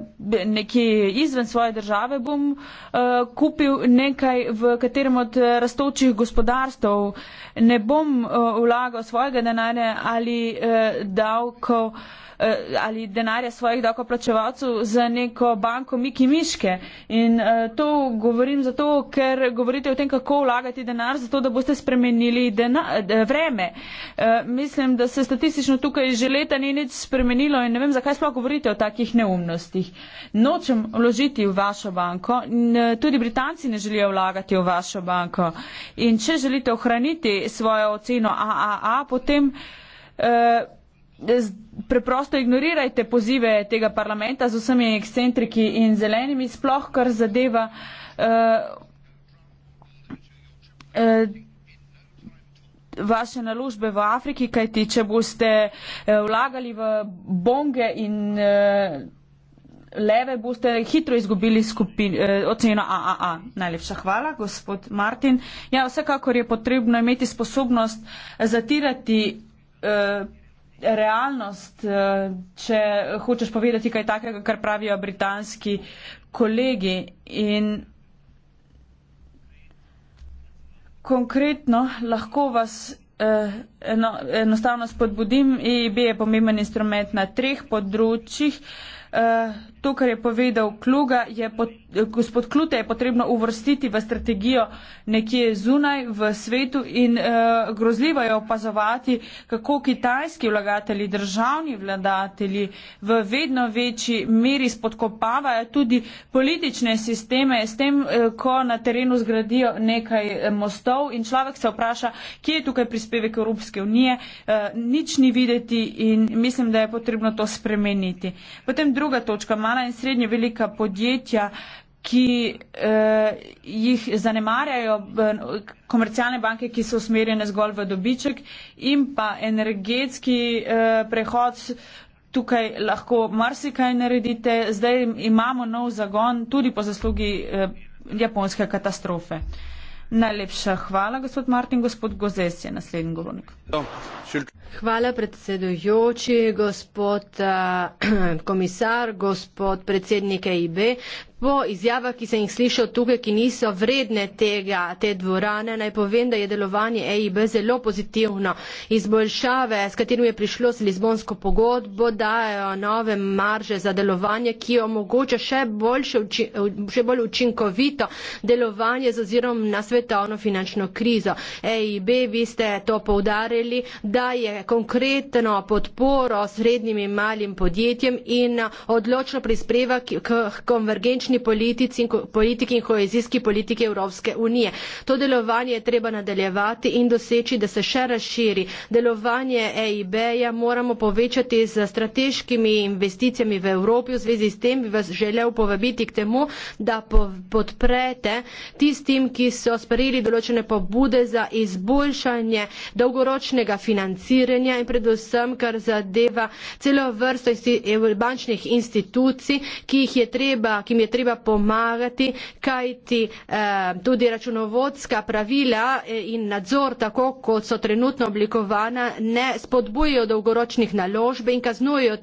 A: nekje izven svoje države, bom eh, kupil nekaj v katerem od raztočih gospodarstv, ne bom eh, vlagal svojega denarja ali eh, davkov. Eh, ali denarja svojih dokoplačevalcev za neko banko Miki Miške. In eh, to govorim zato, ker govorite o tem, kako vlagati denar, zato da boste spremenili eh, vreme. Mislim, da se statistično tukaj že leta ni nič spremenilo in ne vem, zakaj sploh govorite o takih neumnostih. Nočem vložiti v vašo banko, tudi Britanci ne želijo vlagati v vašo banko. In če želite ohraniti svojo oceno AAA, potem. Uh, preprosto ignorirajte pozive tega parlamenta z vsemi ekscentriki in zelenimi, sploh kar zadeva eh, eh, vaše naložbe v Afriki, kajti če boste eh, vlagali v bonge in leve, boste hitro izgubili skupin, oceno AAA. Najlepša hvala, gospod Martin. Ja, vsekakor je potrebno imeti sposobnost zatirati realnost, eh, če hočeš povedati kaj takega, kar pravijo britanski kolegi. In konkretno lahko vas eh, enostavno spodbudim, EIB je pomemben instrument na treh področjih. Eh, to, kar je povedal Kluga, je pot, gospod Klute je potrebno uvrstiti v strategijo nekje zunaj v svetu in uh, grozljivo je opazovati, kako kitajski vlagatelji, državni vladatelji v vedno večji meri spodkopavajo tudi politične sisteme s tem, uh, ko na terenu zgradijo nekaj eh, mostov in človek se vpraša, kje je tukaj prispevek Evropske unije, uh, nič ni videti in mislim, da je potrebno to spremeniti. Potem druga točka mala in srednje velika podjetja, ki eh, jih zanemarjajo eh, komercialne banke, ki so usmerjene zgolj v dobiček in pa energetski eh, prehod. Tukaj lahko marsikaj naredite. Zdaj imamo nov zagon tudi po zaslugi eh, japonske katastrofe. Eh, Najlepša hvala,
C: gospod Martin. Gospod Gozes je naslednji govornik. Hvala, predsedujoči, gospod uh, <clears throat> komisar, gospod predsednik EIB. Po izjavah, ki sem jih slišal tukaj, ki niso vredne tega, te dvorane, naj povem, da je delovanje EIB zelo pozitivno. Izboljšave, s katerimi je prišlo z Lizbonsko pogodbo, dajo nove marže za delovanje, ki omogoča še, boljše, še bolj učinkovito delovanje z ozirom na svetovno finančno krizo. EIB, vi ste to poudarili, daje konkretno podporo srednjim in malim podjetjem in odločno prispeva k konvergenčnosti zunanješnji politici, politiki in kohezijski politiki Evropske unije. To delovanje je treba nadaljevati in doseči, da se še razširi. Delovanje EIB-ja moramo povečati z strateškimi investicijami v Evropi. V zvezi s tem bi vas želel povabiti k temu, da podprete tistim, ki so sprejeli določene pobude za izboljšanje dolgoročnega financiranja in predvsem, kar zadeva celo vrsto bančnih institucij, ki jih je treba, ki jim je treba treba pomagati, kajti eh, tudi računovodska pravila eh, in nadzor, tako kot so trenutno oblikovana, ne spodbujajo dolgoročnih naložb in kaznujejo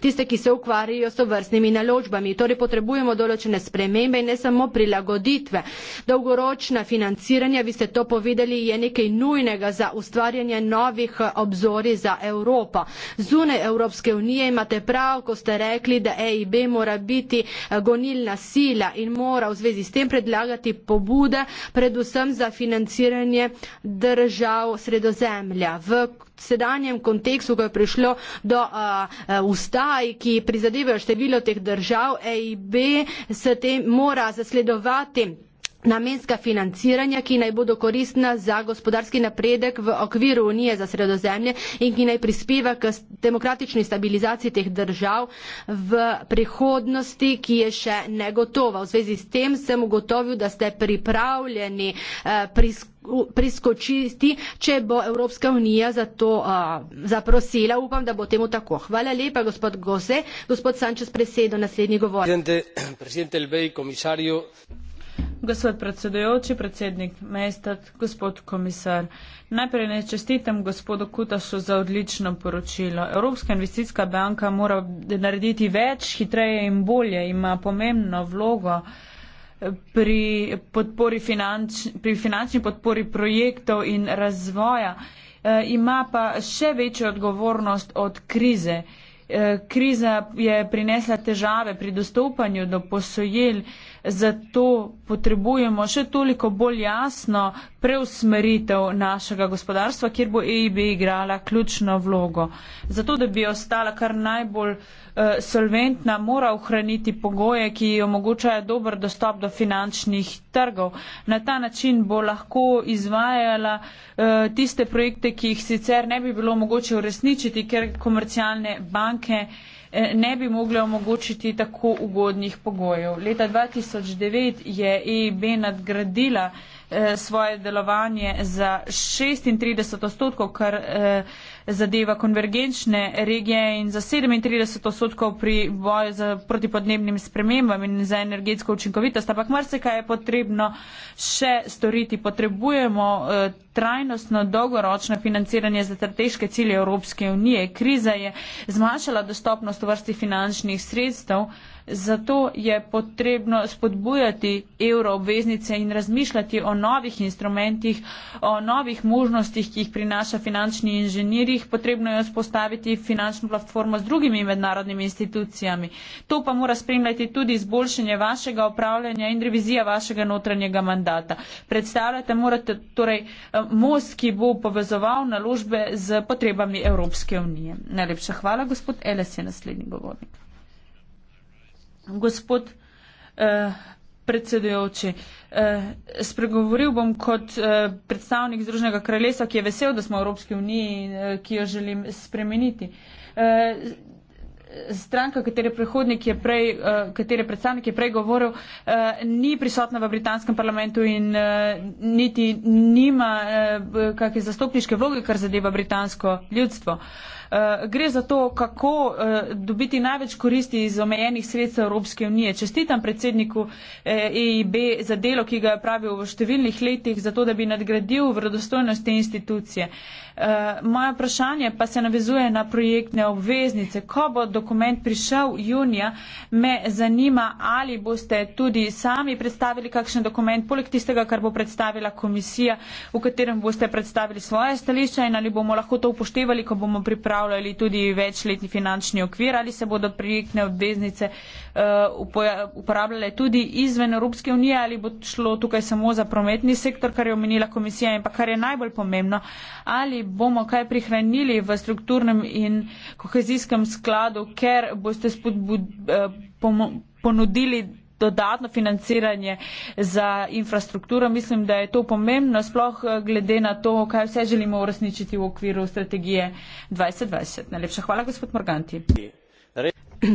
C: tiste, ki se ukvarjajo s vrstnimi naložbami. Torej potrebujemo določene spremembe in ne samo prilagoditve. Dolgoročna financiranja, vi ste to povedali, je nekaj nujnega za ustvarjanje novih eh, obzori za Evropo. Zune Evropske unije imate prav, ko ste rekli, da EIB mora biti govorjen eh, gonilna sila in mora v zvezi s tem predlagati pobude predvsem za financiranje držav sredozemlja. V sedanjem kontekstu, ko je prišlo do a, a, ustaj, ki prizadevajo število teh držav, EIB se te mora zasledovati namenska financiranja, ki naj bodo koristna za gospodarski napredek v okviru Unije za sredozemlje in ki naj prispeva k demokratični stabilizaciji teh držav v prihodnosti, ki je še negotova. V zvezi s tem sem ugotovil, da ste pripravljeni eh, priskočiti, če bo Evropska unija za to eh, zaprosila. Upam, da bo temu tako. Hvala lepa, gospod Gose. Gospod Sančes, presedo naslednji govor. Presidente, presidente Elbej, Gospod predsedujoči, predsednik Mestad,
A: gospod komisar, najprej ne čestitam gospodu Kutašu za odlično poročilo. Evropska investicijska banka mora narediti več, hitreje in bolje, ima pomembno vlogo pri, finanč, pri finančni podpori projektov in razvoja, e, ima pa še večjo odgovornost od krize. E, kriza je prinesla težave pri dostopanju do posojil zato potrebujemo še toliko bolj jasno preusmeritev našega gospodarstva, kjer bo EIB igrala ključno vlogo. Zato, da bi ostala kar najbolj uh, solventna, mora ohraniti pogoje, ki omogočajo dober dostop do finančnih trgov. Na ta način bo lahko izvajala uh, tiste projekte, ki jih sicer ne bi bilo mogoče uresničiti, ker komercialne banke Eh, ne bi mogle omogočiti tako ugodnih pogojev. Leta 2009 je EIB nadgradila Eh, svoje delovanje za 36 odstotkov, kar eh, zadeva konvergenčne regije in za 37 odstotkov pri boju za protipodnebnim spremembam in za energetsko učinkovitost. Ampak marsikaj je potrebno še storiti. Potrebujemo eh, trajnostno dolgoročno financiranje za strateške cilje Evropske unije. Kriza je zmanjšala dostopnost vrsti finančnih sredstev. Zato je potrebno spodbujati evroobveznice in razmišljati o novih instrumentih, o novih možnostih, ki jih prinaša finančni inženirih. Potrebno je vzpostaviti finančno platformo z drugimi mednarodnimi institucijami. To pa mora spremljati tudi izboljšanje vašega upravljanja in revizija vašega notranjega mandata. Predstavljate, morate torej most, ki bo povezoval naložbe z potrebami Evropske unije. Najlepša hvala, gospod Eles je naslednji govornik. Gospod eh, predsedujoči, eh, spregovoril bom kot eh, predstavnik Združenega kraljestva, ki je vesel, da smo v Evropski uniji in eh, ki jo želim spremeniti. Eh, stranka, katere, je prej, eh, katere predstavnik je prej govoril, eh, ni prisotna v britanskem parlamentu in eh, niti nima eh, kakšne zastopniške vloge, kar zadeva britansko ljudstvo. Eh, Eh, gre za to, kako uh, dobiti največ koristi iz omejenih sredstev Evropske unije. Čestitam predsedniku EIB eh, e za delo, ki ga je pravil v številnih letih, zato da bi nadgradil vredostojnost te institucije. Uh, moje vprašanje pa se navezuje na projektne obveznice. Ko bo dokument prišel junija, me zanima, ali boste tudi sami predstavili kakšen dokument, poleg tistega, kar bo predstavila komisija, v katerem boste predstavili svoje stališče in ali bomo lahko to upoštevali, ko bomo pripravili pripravljali tudi večletni finančni okvir ali se bodo projektne obveznice eh, uporabljale tudi izven Evropske unije ali bo šlo tukaj samo za prometni sektor, kar je omenila komisija in pa kar je najbolj pomembno, ali bomo kaj prihranili v strukturnem in kohezijskem skladu, ker boste spodbud, eh, pomo, ponudili dodatno financiranje za infrastrukturo. Mislim, da je to pomembno, sploh eh, glede na to, kaj vse želimo uresničiti v okviru strategije 2020. Najlepša hvala, gospod Morganti. <clears throat>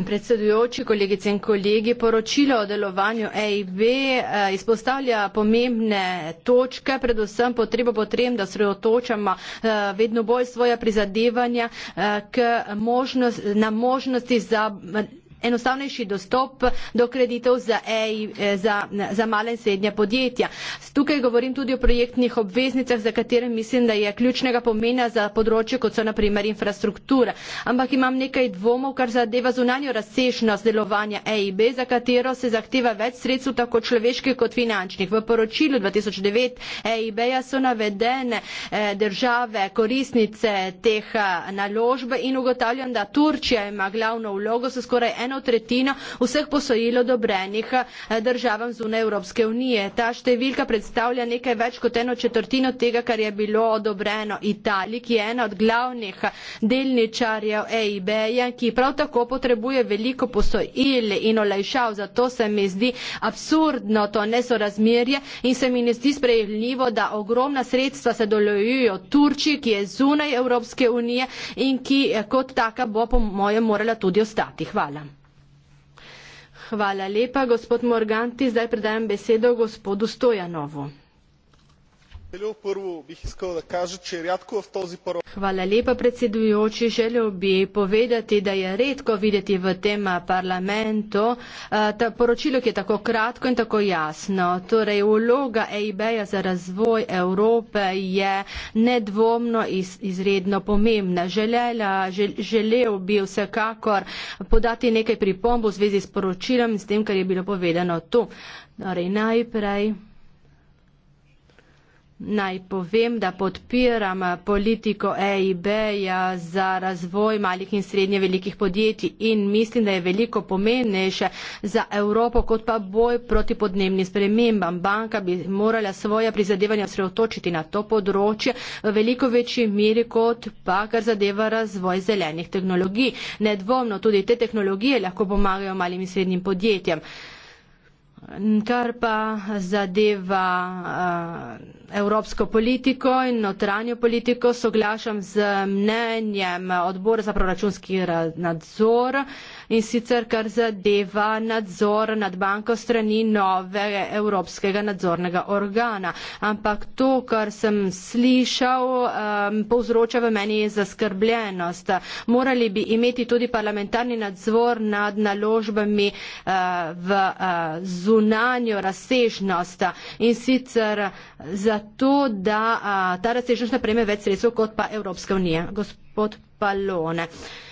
C: Predsedujoči, kolegice in kolegi, poročilo o delovanju EIB eh, izpostavlja pomembne točke, predvsem potrebo potrem, da sredotočamo eh, vedno bolj svoja prizadevanja možnost, na možnosti za enostavnejši dostop do kreditov za, EI, eh, za, za male in srednje podjetja. Tukaj govorim tudi o projektnih obveznicah, za katere mislim, da je ključnega pomena za področje, kot so naprimer infrastruktura. Ampak imam nekaj dvomov, kar zadeva zunanjo razsešnost delovanja EIB, za katero se zahteva več sredstv, tako človeških kot finančnih. V poročilu 2009 EIB-ja so navedene eh, države koristnice teh eh, naložb in ugotavljam, da Turčija ima glavno vlogo, so skoraj eno tretjino vseh posojil odobrenih eh, državam zunaj Evropske unije. Ta številka predstavlja nekaj več kot eno četrtino tega, kar je bilo odobreno Italiji, ki je ena od glavnih delničarjev EIB-ja, ki prav tako potrebuje veliko posojil in olajšav. Zato se mi zdi absurdno to nesorazmerje in se mi ne zdi sprejemljivo, da ogromna sredstva se dolojujo Turčiji, ki je zunaj Evropske unije in ki eh, kot taka bo po mojem morala tudi ostati. Hvala. Hvala lepa, gospod Morganti. Zdaj predajam besedo gospodu Stojanovu. Hvala lepa, predsedujoči. Želel bi povedati, da je redko videti v tem parlamentu ta poročilo, ki je tako kratko in tako jasno. Torej, vloga EIB-ja za razvoj Evrope je nedvomno iz, izredno pomembna. Želela, želel bi vsekakor podati nekaj pripomb v zvezi s poročilom in s tem, kar je bilo povedano tu. Torej, najprej. Naj povem, da podpiram politiko EIB za razvoj malih in srednje velikih podjetij in mislim, da je veliko pomenejše za Evropo kot pa boj proti podnebnim spremembam. Banka bi morala svoja prizadevanja sreotočiti na to področje v veliko večji miri kot pa kar zadeva razvoj zelenih tehnologij. Nedvomno tudi te tehnologije lahko pomagajo malim in srednjim podjetjem. Kar pa zadeva eh, evropsko politiko in notranjo politiko, soglašam z mnenjem odbora za proračunski nadzor, in sicer kar zadeva nadzor nad banko strani nove Evropskega nadzornega organa. Ampak to, kar sem slišal, um, povzroča v meni zaskrbljenost. Morali bi imeti tudi parlamentarni nadzor nad naložbami uh, v uh, zunanjo razsežnost in sicer zato, da uh, ta razsežnost ne prejme več sredstev kot pa Evropska unija. Gospod Palone. Uh,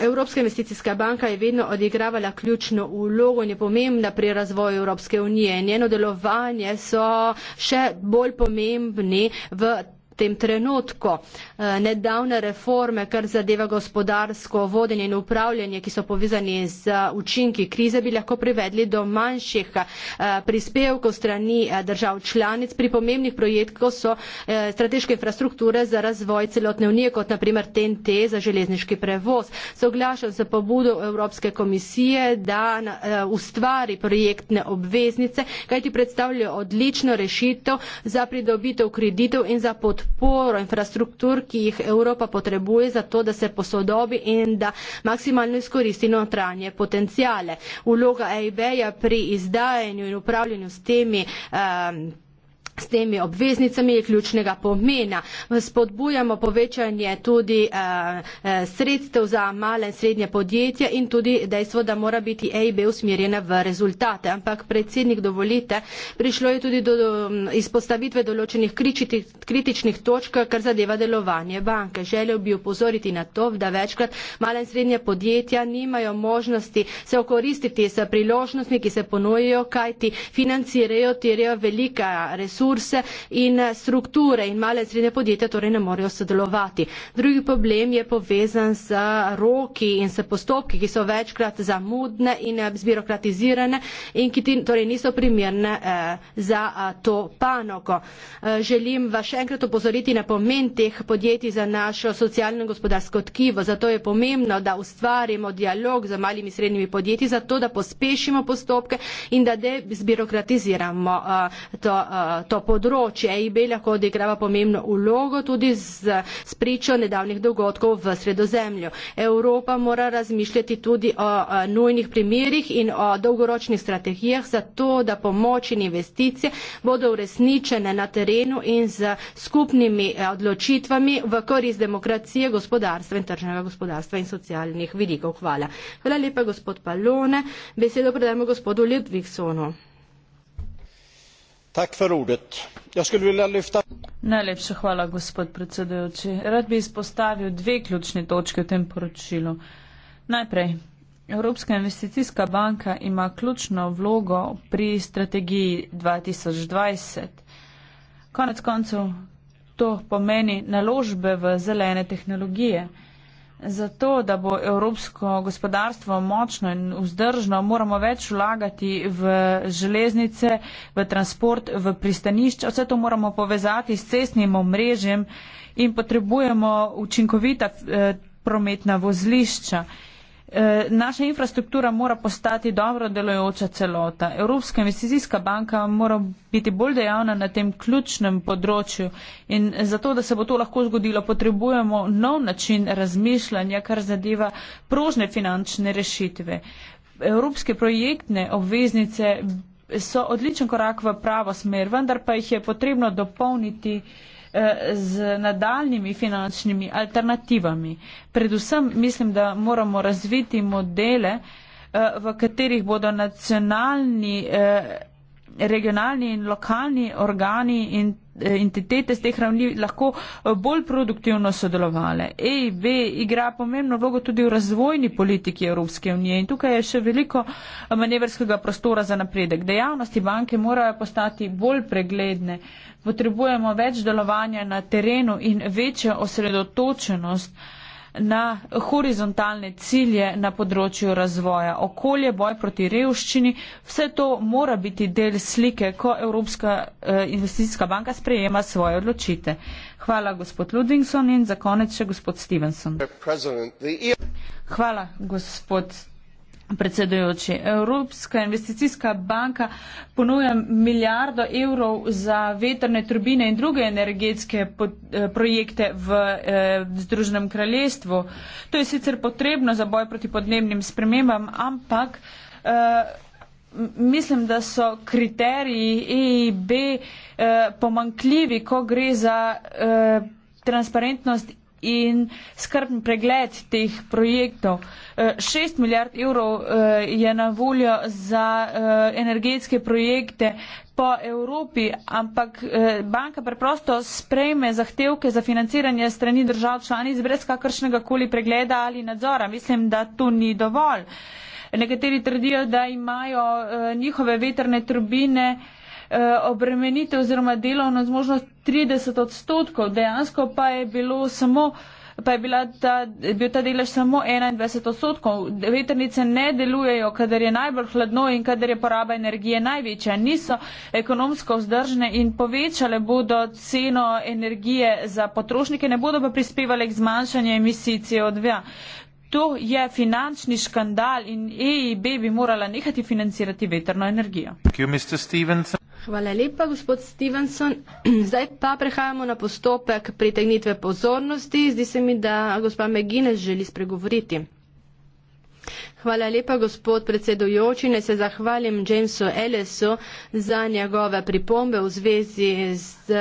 C: Evropska investicijska banka je vedno odigravala ključno vlogo in je pomembna pri razvoju Evropske unije. Njeno delovanje so še bolj pomembni v tem trenutku. Eh, nedavne reforme, kar zadeva gospodarsko vodenje in upravljanje, ki so povezani z eh, učinki krize, bi lahko privedli do manjših eh, prispevkov strani držav članic. Pri pomembnih projektkov so strateške infrastrukture za razvoj celotne unije, kot naprimer TNT za železniški prevoz. Soglašam se pobudo Evropske komisije, da ustvari projektne obveznice, kajti predstavljajo odlično rešitev za pridobitev kreditov in za podporo podporo infrastruktur, ki jih Evropa potrebuje za to, da se posodobi in da maksimalno izkoristi notranje potencijale. Vloga EIB-ja pri izdajanju in upravljanju s temi um, S temi obveznicami je ključnega pomena. Spodbujamo povečanje tudi eh, eh sredstev za male in srednje podjetja in tudi dejstvo, da mora biti EIB usmerjena v rezultate. Ampak predsednik, dovolite, prišlo je tudi do, do izpostavitve določenih kritičnih, kritičnih točk, kar zadeva delovanje banke. Želel bi upozoriti na to, da večkrat male in srednje podjetja nimajo možnosti se okoristiti s priložnostmi, ki se ponujejo, kajti financirajo, terjajo velika resursa resurse in eh, strukture in male in srednje podjetja torej ne morejo sodelovati. Drugi problem je povezan z roki in s postopki, ki so večkrat zamudne in eh, zbirokratizirane in ki torej niso primerne eh, za to panoko. Želim vas še enkrat opozoriti na pomen teh podjetij za našo socialno in gospodarsko tkivo. Zato je pomembno, da ustvarimo dialog z malimi in srednjimi podjetji, zato da pospešimo postopke in da debirokratiziramo to, to to področje. EIB lahko odigrava pomembno ulogo tudi z, s pričo nedavnih dogodkov v sredozemlju. Evropa mora razmišljati tudi o a, nujnih primerjih in o dolgoročnih strategijah za to, da pomoč in investicije bodo uresničene na terenu in z skupnimi e, odločitvami v korist demokracije, gospodarstva in tržnega gospodarstva in socialnih vidikov. Hvala. Hvala lepa, gospod Palone. Besedo predajmo gospodu Ludvigsonu.
A: Najlepša hvala, gospod predsedujoči. Rad bi izpostavil dve ključni točke v tem poročilu. Najprej, Evropska investicijska banka ima ključno vlogo pri strategiji 2020. Konec koncev, to pomeni naložbe v zelene tehnologije. Zato, da bo evropsko gospodarstvo močno in vzdržno, moramo več vlagati v železnice, v transport, v pristanišče. Vse to moramo povezati s cestnim omrežjem in potrebujemo učinkovita eh, prometna vozlišča. Eh, naša infrastruktura mora postati dobro delojoča celota. Evropska investicijska banka mora biti bolj dejavna na tem ključnem področju in zato, da se bo to lahko zgodilo, potrebujemo nov način razmišljanja, kar zadeva prožne finančne rešitve. Evropske projektne obveznice so odličen korak v pravo smer, vendar pa jih je potrebno dopolniti uh, Eh, z nadaljnimi finančnimi alternativami. Predvsem mislim, da moramo razviti modele, eh, v katerih bodo nacionalni, eh, regionalni in lokalni organi in entitete z teh ravni lahko eh, bolj produktivno sodelovale. EIB igra pomembno vlogo tudi v razvojni politiki Evropske unije in tukaj je še veliko eh, manevrskega prostora za napredek. Dejavnosti banke morajo postati bolj pregledne. Potrebujemo več delovanja na terenu in večjo osredotočenost uh, na horizontalne cilje na področju razvoja okolje, boj proti revščini. Vse to mora biti del slike, ko Evropska eh, investicijska banka sprejema svoje odločite. Hvala, gospod Ludvigson in za konec še gospod Stevenson.
B: E
A: Hvala, gospod predsedujoči. Evropska investicijska banka ponuja milijardo evrov za vetrne turbine in druge energetske eh, projekte v eh, Združenem kraljestvu. To je sicer potrebno za boj proti podnebnim spremembam, ampak eh, mislim, da so kriteriji EIB eh, pomankljivi, ko gre za. Eh, transparentnost in skrben pregled teh projektov. 6 eh, milijard evrov eh, je na voljo za eh, energetske projekte po Evropi, ampak banka preprosto sprejme zahtevke za financiranje strani držav članic brez kakršnega koli pregleda ali nadzora. Mislim, da to ni dovolj. Nekateri trdijo, da imajo njihove veterne turbine Eh, obremenitev oziroma delovno zmožnost 30 odstotkov, dejansko pa je bilo samo pa je ta, bil ta delež samo 21 odstotkov. Veternice ne delujejo, kadar je najbolj hladno in kadar je poraba energije največja. Niso ekonomsko vzdržne in povečale bodo ceno energije za potrošnike, ne bodo pa prispevale k zmanjšanju emisij CO2. To je finančni škandal in EIB bi morala nehati financirati veterno energijo. Thank you, Mr. Stevenson.
C: Hvala lepa, gospod Stevenson. <clears throat> Zdaj pa prehajamo na postopek pritegnitve pozornosti. Zdi se mi, da gospa Megine želi spregovoriti. Hvala lepa, gospod predsedujoči. Ne se zahvalim Jamesu Ellisu za njegove pripombe v zvezi z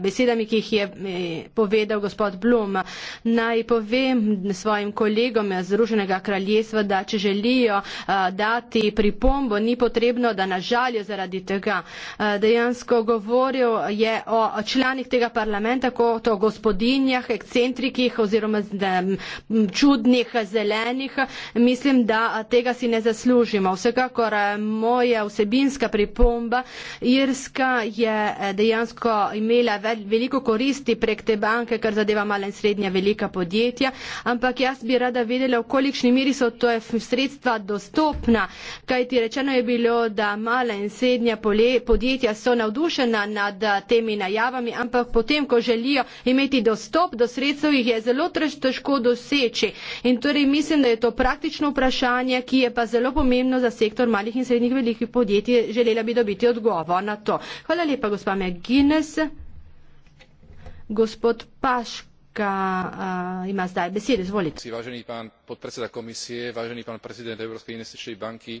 C: besedami, ki jih je e, povedal gospod Blum. Naj povem svojim kolegom iz Združenega kraljestva, da če želijo dati pripombo, ni potrebno, da nažalijo zaradi tega. Dejansko govoril je o članih tega parlamenta, kot o gospodinjah, ekcentrikih oziroma čudnih zelenih. Mislim, da tega si ne zaslužimo. Vsekakor moja vsebinska pripomba, Irska je dejansko imela veliko koristi prek te banke, kar zadeva male in srednje velika podjetja, ampak jaz bi rada videla, v kolikšni miri so to sredstva dostopna, kajti rečeno je bilo, da male in srednje podjetja so navdušena nad temi najavami, ampak potem, ko želijo imeti dostop do sredstev, jih je zelo težko doseči. In torej mislim, da je to praktično vprašanje vprašanje, ki je pa zelo pomembno za sektor malih in srednjih velikih podjetij, želela bi dobiti odgovor na to. Hvala lepa, gospa McGuinness. Gospod Paška a, ima zdaj besedo, izvolite.
A: Važeni pan podpredsednik komisije, važeni pan predsednik Evropske investicijske banke.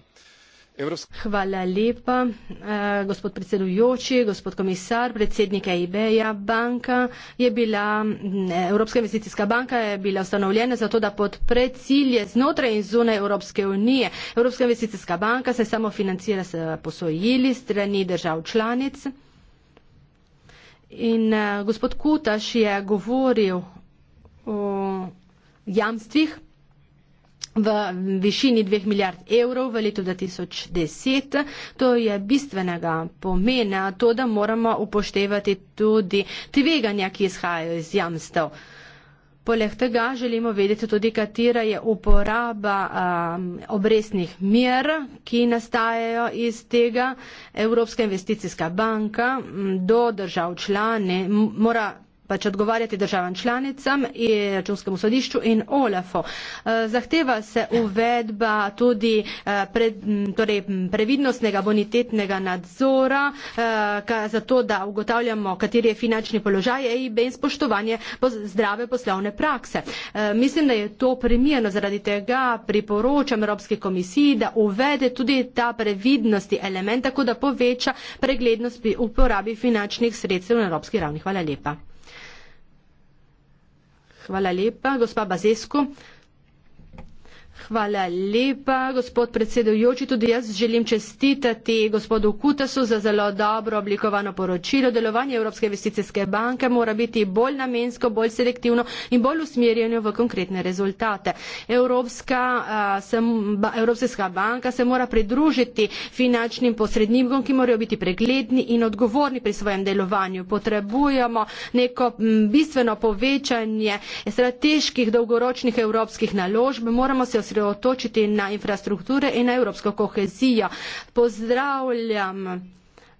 A: Evropsk...
C: Hvala lepa, eh, gospod predsedujoči, gospod komisar, predsednik EIB-ja. Banka je bila, Evropska investicijska banka je bila ustanovljena zato, da podpre cilje znotraj in zunaj Evropske unije. Evropska investicijska banka se samo financira s posojili strani držav članic. In eh, gospod Kutaš je govoril o jamstvih v višini 2 milijard evrov v letu 2010. To je bistvenega pomena, to, da moramo upoštevati tudi tveganja, ki izhajajo iz jamstev. Poleg tega želimo vedeti tudi, katera je uporaba um, obresnih mer, ki nastajajo iz tega. Evropska investicijska banka do držav člane mora pač odgovarjati državam članicam in računskemu sodišču in OLAF-u. Eh, zahteva se uvedba tudi eh, pred, torej, previdnostnega bonitetnega nadzora, eh, zato da ugotavljamo, kateri je finančni položaj EIB in spoštovanje zdrave poslovne prakse. Mislim, da je to primerno, zaradi tega priporočam Evropski komisiji, da uvede tudi ta previdnosti element, tako da poveča preglednost pri uporabi finančnih sredstev na evropski ravni. Hvala lepa. Hvala lepa, gospa Bazesko. Hvala lepa, gospod predsedujoči. Tudi jaz želim čestitati gospodu Kutasu za zelo dobro oblikovano poročilo. Delovanje Evropske investicijske banke mora biti bolj namensko, bolj selektivno in bolj usmerjeno v konkretne rezultate. Evropska, se, Evropska banka se mora pridružiti finančnim posrednikom, ki morajo biti pregledni in odgovorni pri svojem delovanju. Potrebujemo neko m, bistveno povečanje strateških dolgoročnih evropskih naložb. Moramo se osvetljati osredotočiti na infrastrukture in na evropsko kohezijo. Pozdravljam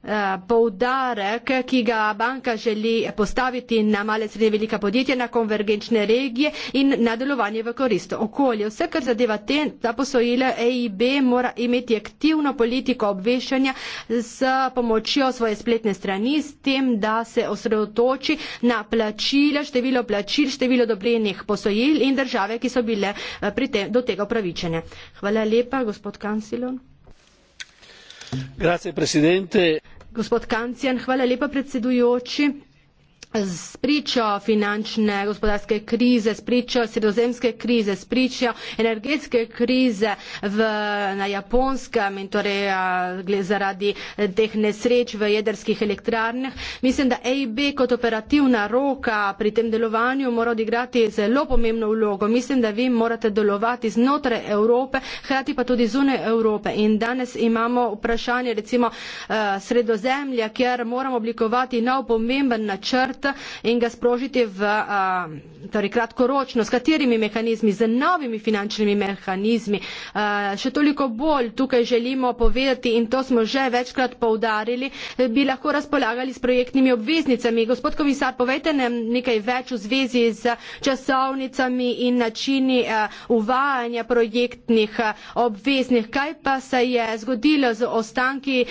C: Eh, poudarek, ki ga banka želi postaviti na male srednje velika podjetja, na konvergenčne regije in na delovanje v korist okolja. Vse, kar zadeva te, ta posojila EIB mora imeti aktivno politiko obveščanja s pomočjo svoje spletne strani, s tem, da se osredotoči na plačila, število plačil, število dobrenih posojil in države, ki so bile eh, pri tem do tega upravičene. Hvala lepa, gospod Kansilon.
A: Grazie Presidente
C: gospod kanclen hvala lepa predsedujoči spričo finančne gospodarske krize, spričo sredozemske krize, spričo energetske krize v, na japonskem in torej zaradi teh nesreč v jedrskih elektrarnih. Mislim, da EIB kot operativna roka pri tem delovanju mora odigrati zelo pomembno vlogo. Mislim, da vi morate delovati znotraj Evrope, hkrati pa tudi zunaj Evrope. In danes imamo vprašanje recimo sredozemlja, kjer moramo oblikovati nov pomemben načrt načrta in ga sprožiti v torej kratkoročno, s katerimi mehanizmi, z novimi finančnimi mehanizmi. Še toliko bolj tukaj želimo povedati in to smo že večkrat poudarili, bi lahko razpolagali s projektnimi obveznicami. Gospod komisar, povejte nam nekaj več v zvezi z časovnicami in načini uvajanja projektnih obveznih. Kaj pa se je zgodilo z ostanki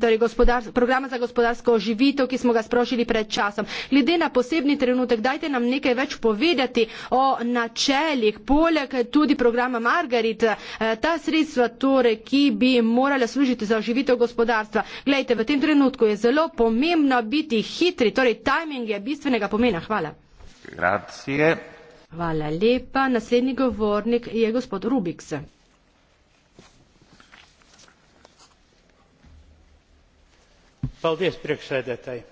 C: torej gospodar, programa za gospodarsko oživitev, ki smo ga sprožili pred časom? časom. Glede na posebni trenutek, dajte nam nekaj več povedati o načeljih, poleg tudi programa Margarit, eh, ta sredstva torej, ki bi morala služiti za oživitev gospodarstva. Glejte, v tem trenutku je zelo pomembno biti hitri, torej timing je bistvenega pomena. Hvala.
B: Grazie.
C: Hvala lepa. Naslednji govornik je gospod Rubiks.
B: Paldies, priekšsēdētāji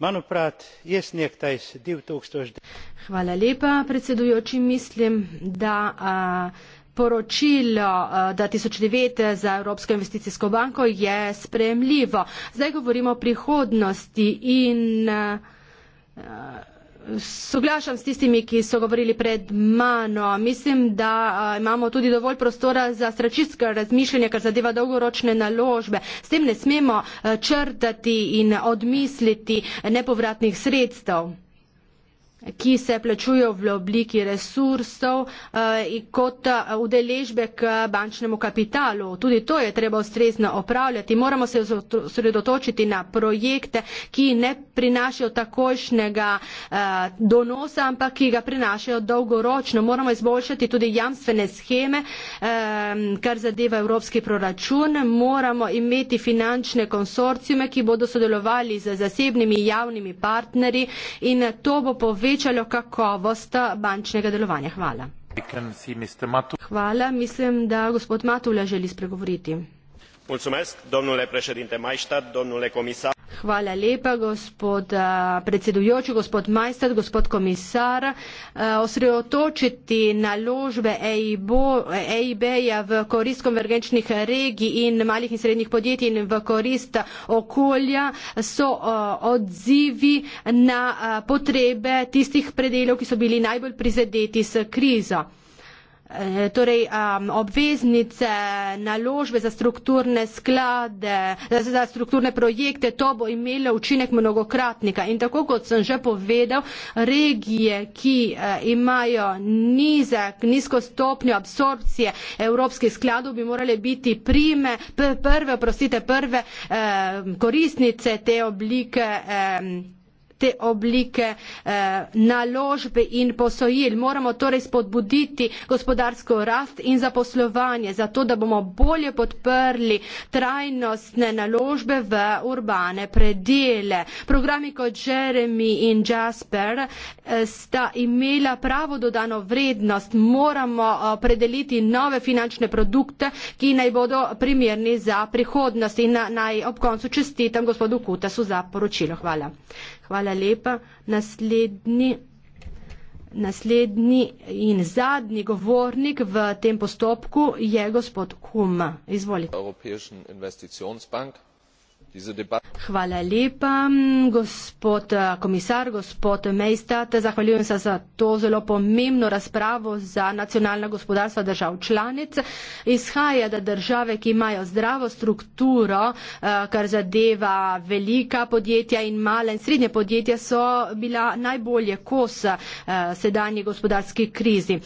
B: manuprāt, iesniegtais 2020.
C: Poročilo 2009 za Evropsko investicijsko banko je spremljivo. Zdaj govorimo o prihodnosti in uh, soglašam s tistimi, ki so govorili pred mano. Mislim, da imamo tudi dovolj prostora za strašitska razmišljanja, kar zadeva dolgoročne naložbe. S tem ne smemo črtati in odmisliti nepovratnih sredstev ki se plačujejo v obliki resursov eh, in kot eh, udeležbe k bančnemu kapitalu. Tudi to je treba ustrezno opravljati. Moramo se sredotočiti na projekte, ki ne prinašajo takošnjega eh, donosa, ampak ki ga prinašajo dolgoročno. Moramo izboljšati tudi jamstvene scheme, kar zadeva evropski proračun. Moramo imeti finančne konsorcijume, ki bodo sodelovali z zasebnimi javnimi partnerji in to bo povedano povečalo kakovost bančnega delovanja. Hvala. Hvala, mislim, da gospod Matula želi spregovoriti. Hvala lepa, gospod predsedujoči, gospod Majstad, gospod komisar. Osredotočiti naložbe EIB-ja e v korist konvergenčnih regij in malih in srednjih podjetij in v korist okolja so odzivi na potrebe tistih predelov, ki so bili najbolj prizadeti s krizo. Eh, torej um, obveznice, naložbe za strukturne sklade, za, za strukturne projekte, to bo imelo učinek mnogokratnika. In tako kot sem že povedal, regije, ki uh, imajo nizek, nizko stopnjo absorpcije evropskih skladov, bi morale biti prime, prve, prosite, prve uh, eh, korisnice te oblike. Uh, te oblike eh, naložbe in posojil. Moramo torej spodbuditi gospodarsko rast in zaposlovanje, zato da bomo bolje podprli trajnostne naložbe v urbane predele. Programi kot Jeremy in Jasper eh, sta imela pravo dodano vrednost. Moramo eh, opredeliti eh, nove finančne produkte, ki naj bodo primerni za prihodnost in naj ob koncu čestitam gospodu Kutasu za poročilo. Hvala. Hvala lepa. Naslednji, naslednji in zadnji govornik v tem postopku je gospod Kuma. Izvolite. Hvala lepa, gospod eh, komisar, gospod Mejstat. Zahvaljujem se za to zelo pomembno razpravo za nacionalna gospodarstva držav članic. Izhaja, da države, ki imajo zdravo strukturo, eh, kar zadeva velika podjetja in mala in srednje podjetja, so bila najbolje kos eh, sedanje gospodarske krizi.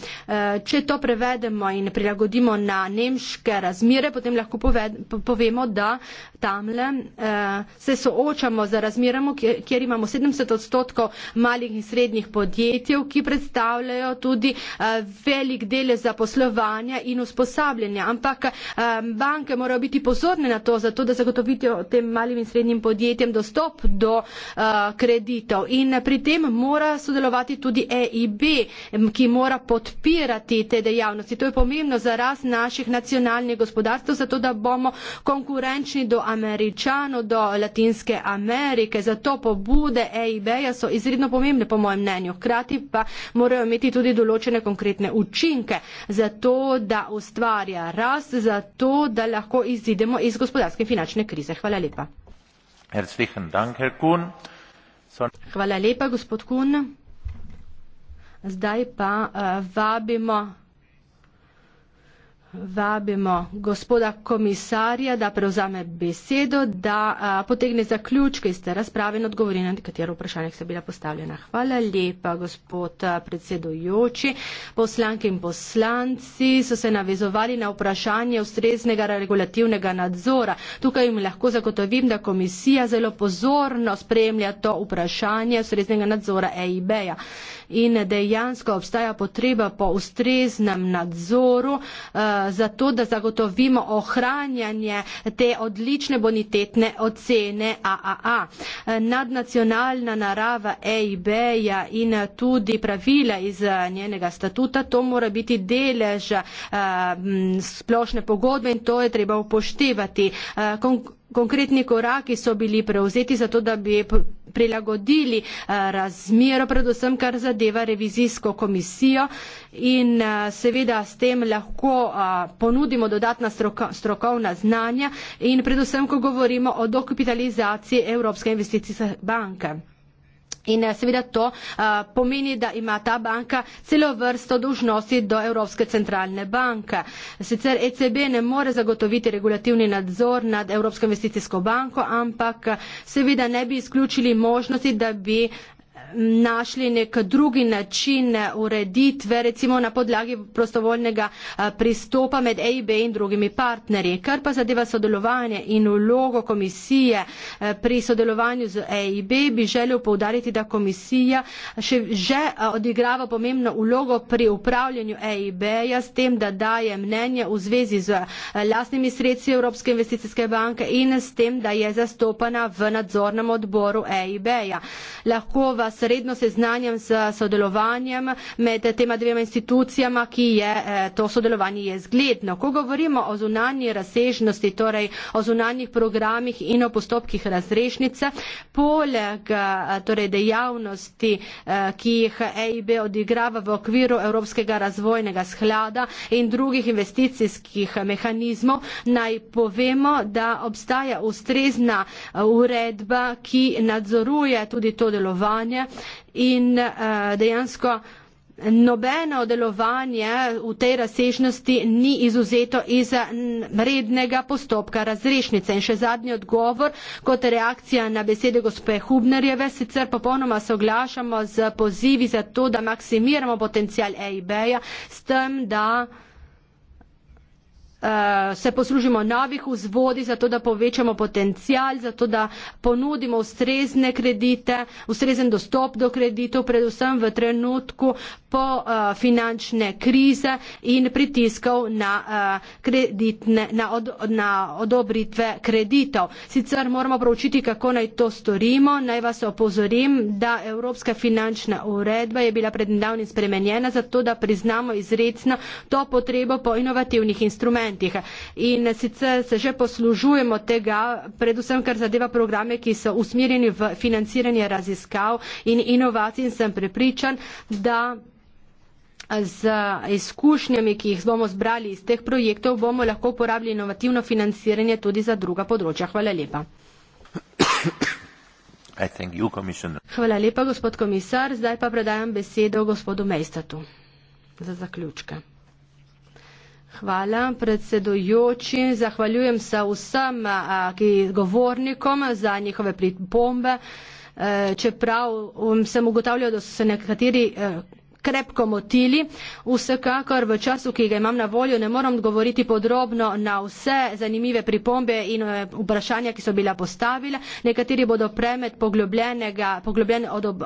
C: Če to prevedemo in prilagodimo na nemške razmire, potem lahko povemo, da tamle Eh, se soočamo z razmeramo, kjer imamo 70 odstotkov malih in srednjih podjetjev, ki predstavljajo tudi eh, velik del zaposlovanja in usposabljanja. Ampak eh, banke morajo biti pozorne na to, zato da zagotovijo tem malim in srednjim podjetjem dostop do kreditov. In pri tem mora sodelovati tudi EIB, ki mora podpirati te dejavnosti. To je pomembno za rast naših nacionalnih gospodarstv, zato da bomo konkurenčni do američanov Balkanu, do Latinske Amerike. Zato pobude EIB-ja so izredno pomembne, po mojem mnenju. Hkrati pa morajo imeti tudi določene konkretne učinke za to, da ustvarja rast, za to, da lahko izidemo iz gospodarske in finančne krize. Hvala lepa. Hvala lepa, gospod Kun. Zdaj pa uh, vabimo vabimo gospoda komisarja, da prevzame besedo, da a, potegne zaključke iz te razprave in odgovori na nekatero vprašanje, ki so bila postavljena. Hvala lepa, gospod predsedujoči. Poslanke in poslanci so se navezovali na vprašanje ustreznega regulativnega nadzora. Tukaj jim lahko zagotovim, da komisija zelo pozorno spremlja to vprašanje ustreznega nadzora EIB-ja in dejansko obstaja potreba po ustreznem nadzoru, eh, zato da zagotovimo ohranjanje te odlične bonitetne ocene AAA. Eh, nadnacionalna narava EIB-ja in tudi pravila iz eh, njenega statuta, to mora biti delež splošne pogodbe in to je treba upoštevati. Konk konkretni koraki so bili prevzeti zato, da bi prilagodili eh, razmero, predvsem kar zadeva revizijsko komisijo in eh, seveda s tem lahko eh, ponudimo dodatna strokovna znanja in predvsem, ko govorimo o dokapitalizaciji Evropske investicijske banke. In eh, seveda to uh, pomeni, da ima ta banka celo vrsto dožnosti do Evropske centralne banke. Sicer ECB ne more zagotoviti regulativni nadzor nad Evropsko investicijsko banko, ampak eh, seveda ne bi izključili možnosti, da bi našli nek drugi način ureditve, recimo na podlagi prostovoljnega eh, pristopa med EIB in drugimi partnerji. Kar pa zadeva sodelovanje in vlogo komisije eh, pri sodelovanju z EIB, bi želel povdariti, da komisija še že eh, odigrava pomembno vlogo pri upravljanju EIB-ja s tem, da daje mnenje v zvezi z lastnimi sredstvi Evropske investicijske banke in s tem, da je zastopana v nadzornem odboru EIB-ja. Lahko vas posredno seznanjam z sodelovanjem med tema dvema institucijama, ki je eh, to sodelovanje je zgledno. Ko govorimo o zunanji razsežnosti, torej o zunanjih programih in o postopkih razrešnice, poleg eh, torej dejavnosti, eh, ki jih EIB odigrava v okviru Evropskega razvojnega sklada in drugih investicijskih mehanizmov, naj povemo, da obstaja ustrezna uredba, ki nadzoruje tudi to delovanje in eh, dejansko nobeno delovanje v tej razsežnosti ni izuzeto iz rednega postopka razrešnice. In še zadnji odgovor kot reakcija na besede gospe Hubnerjeve, sicer popolnoma se oglašamo z pozivi za to, da maksimiramo potencial EIB-ja s tem, da uh, se poslužimo novih vzvodi, zato da povečamo potencial, zato da ponudimo ustrezne kredite, ustrezen dostop do kreditov, predvsem v trenutku po uh, finančne krize in pritiskov na, uh, kreditne, na, od, na odobritve kreditov. Sicer moramo pravčiti, kako naj to storimo. Naj vas opozorim, da Evropska finančna uredba je bila pred nedavnim spremenjena, zato da priznamo izredno to potrebo po inovativnih instrumentih segmentih. In sicer se že poslužujemo tega, predvsem kar zadeva programe, ki so usmirjeni v financiranje raziskav in inovacij in sem prepričan, da z izkušnjami, ki jih bomo zbrali iz teh projektov, bomo lahko uporabili inovativno financiranje tudi za druga področja. Hvala lepa. You, Hvala lepa, gospod komisar. Zdaj pa predajam besedo gospodu Mejstatu za zaključke. Hvala predsedujoči, zahvaljujem se vsem govornikom za njihove pripombe, e, čeprav um, sem ugotavljal, da so se nekateri e, krepko motili. Vsekakor v času, ki ga imam na voljo, ne moram odgovoriti podrobno na vse zanimive pripombe in eh, vprašanja, ki so bila postavila. Nekateri bodo premet poglobljene od ob,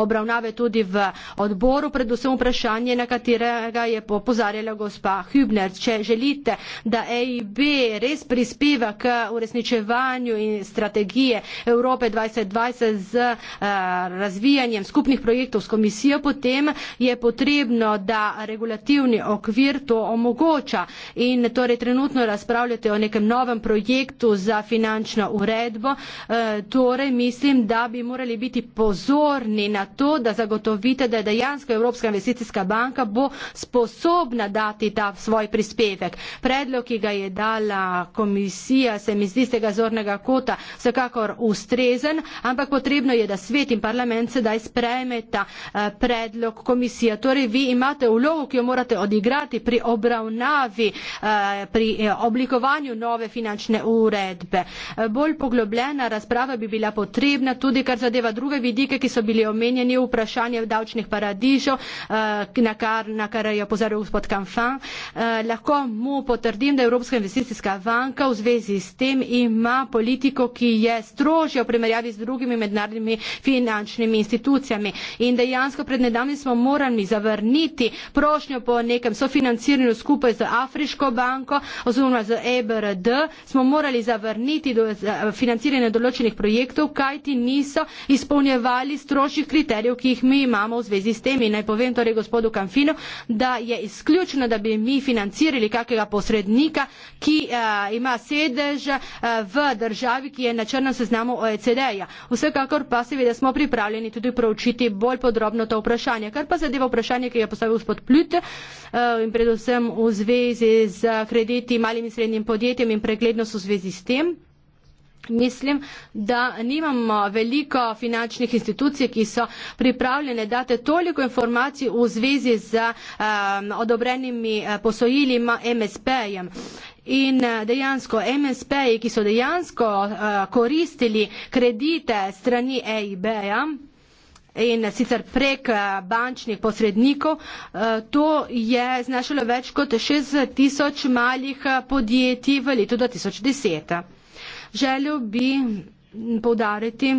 C: obravnave tudi v odboru, predvsem vprašanje, na katerega je pozarjala gospa Hübner. Če želite, da EIB res prispeva k uresničevanju in strategije Evrope 2020 z uh, razvijanjem skupnih projektov s komisijo, potem je potrebno, da regulativni okvir to omogoča. In torej trenutno razpravljate o nekem novem projektu za finančno uredbo. E, torej mislim, da bi morali biti pozorni na to, da zagotovite, da je dejansko Evropska investicijska banka bo sposobna dati ta svoj prispevek. Predlog, ki ga je dala komisija, se mi zdi z tega zornega kota vsekakor ustrezen, ampak potrebno je, da svet in parlament sedaj sprejmeta eh, predlog komisije. Torej, vi imate vlogo, ki jo morate odigrati pri obravnavi, eh, pri eh, oblikovanju nove finančne uredbe. Eh, bolj poglobljena razprava bi bila potrebna tudi, kar zadeva druge vidike, ki so bili omenjeni v vprašanje davčnih paradižov, na kar, na kar je opozoril gospod Kamfan. Lahko mu potrdim, da Evropska investicijska banka v zvezi s tem ima politiko, ki je strožja v primerjavi z drugimi mednarodnimi finančnimi institucijami. In dejansko pred nedavnim smo morali zavrniti prošnjo po nekem sofinanciranju skupaj z Afriško banko oziroma z EBRD, smo morali zavrniti do, z, financiranje določenih projektov, kajti niso izpolnjevali strošnih kriterijev, ki jih mi imamo v zvezi s temi. Naj povem torej gospodu Kamfino, da je izključno, da bi mi financirali kakega posrednika, ki a, eh, ima sedež a, eh, v državi, ki je na črnem seznamu OECD-ja. Vsekakor pa seveda smo pripravljeni tudi proučiti bolj podrobno to vprašanje kar pa zadeva vprašanje, ki je postavil gospod Plut eh, in predvsem v zvezi z krediti malim in srednjim podjetjem in preglednost v zvezi s tem. Mislim, da nimamo veliko finančnih institucij, ki so pripravljene dati toliko informacij v zvezi z um, odobrenimi eh, posojili MSP-jem. In dejansko MSP-ji, ki so dejansko uh, koristili kredite strani EIB-ja, in sicer prek eh, bančnih posrednikov. Eh, to je znašalo več kot 6 tisoč malih eh, podjetij v letu 2010. Želel bi poudariti,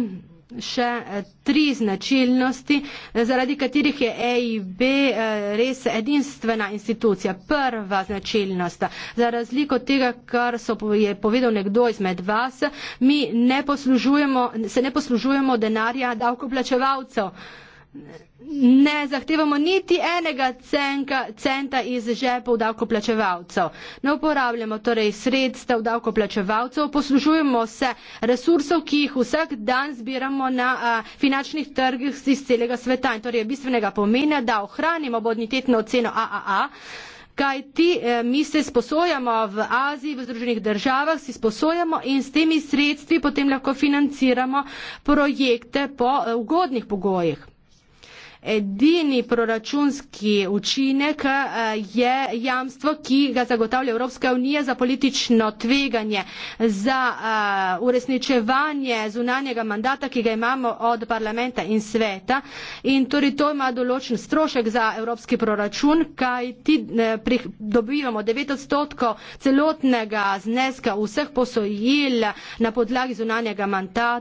C: še eh, tri značilnosti, eh, zaradi katerih je EIB eh, res edinstvena institucija. Prva značilnost, za razliko od tega, kar so, je povedal nekdo izmed vas, mi ne se ne poslužujemo denarja davkoplačevalcev. Ne zahtevamo niti enega cenka, centa iz žepov davkoplačevalcev. Ne uporabljamo torej sredstev davkoplačevalcev, poslužujemo se resursov, ki jih vsak dan zbiramo na a, finančnih trgih iz celega sveta. In torej je bistvenega pomena, da ohranimo bonitetno oceno AAA, kaj ti e, mi se sposojamo v Aziji, v Združenih državah, si sposojamo in s temi sredstvi potem lahko financiramo projekte po e, ugodnih pogojih edini proračunski učinek eh, je jamstvo, ki ga zagotavlja Evropska unija za politično tveganje, za eh, uresničevanje zunanjega mandata, ki ga imamo od parlamenta in sveta. In torej to ima določen strošek za evropski proračun, kaj ti eh, dobivamo 9 odstotkov celotnega zneska vseh posojil na podlagi zunanjega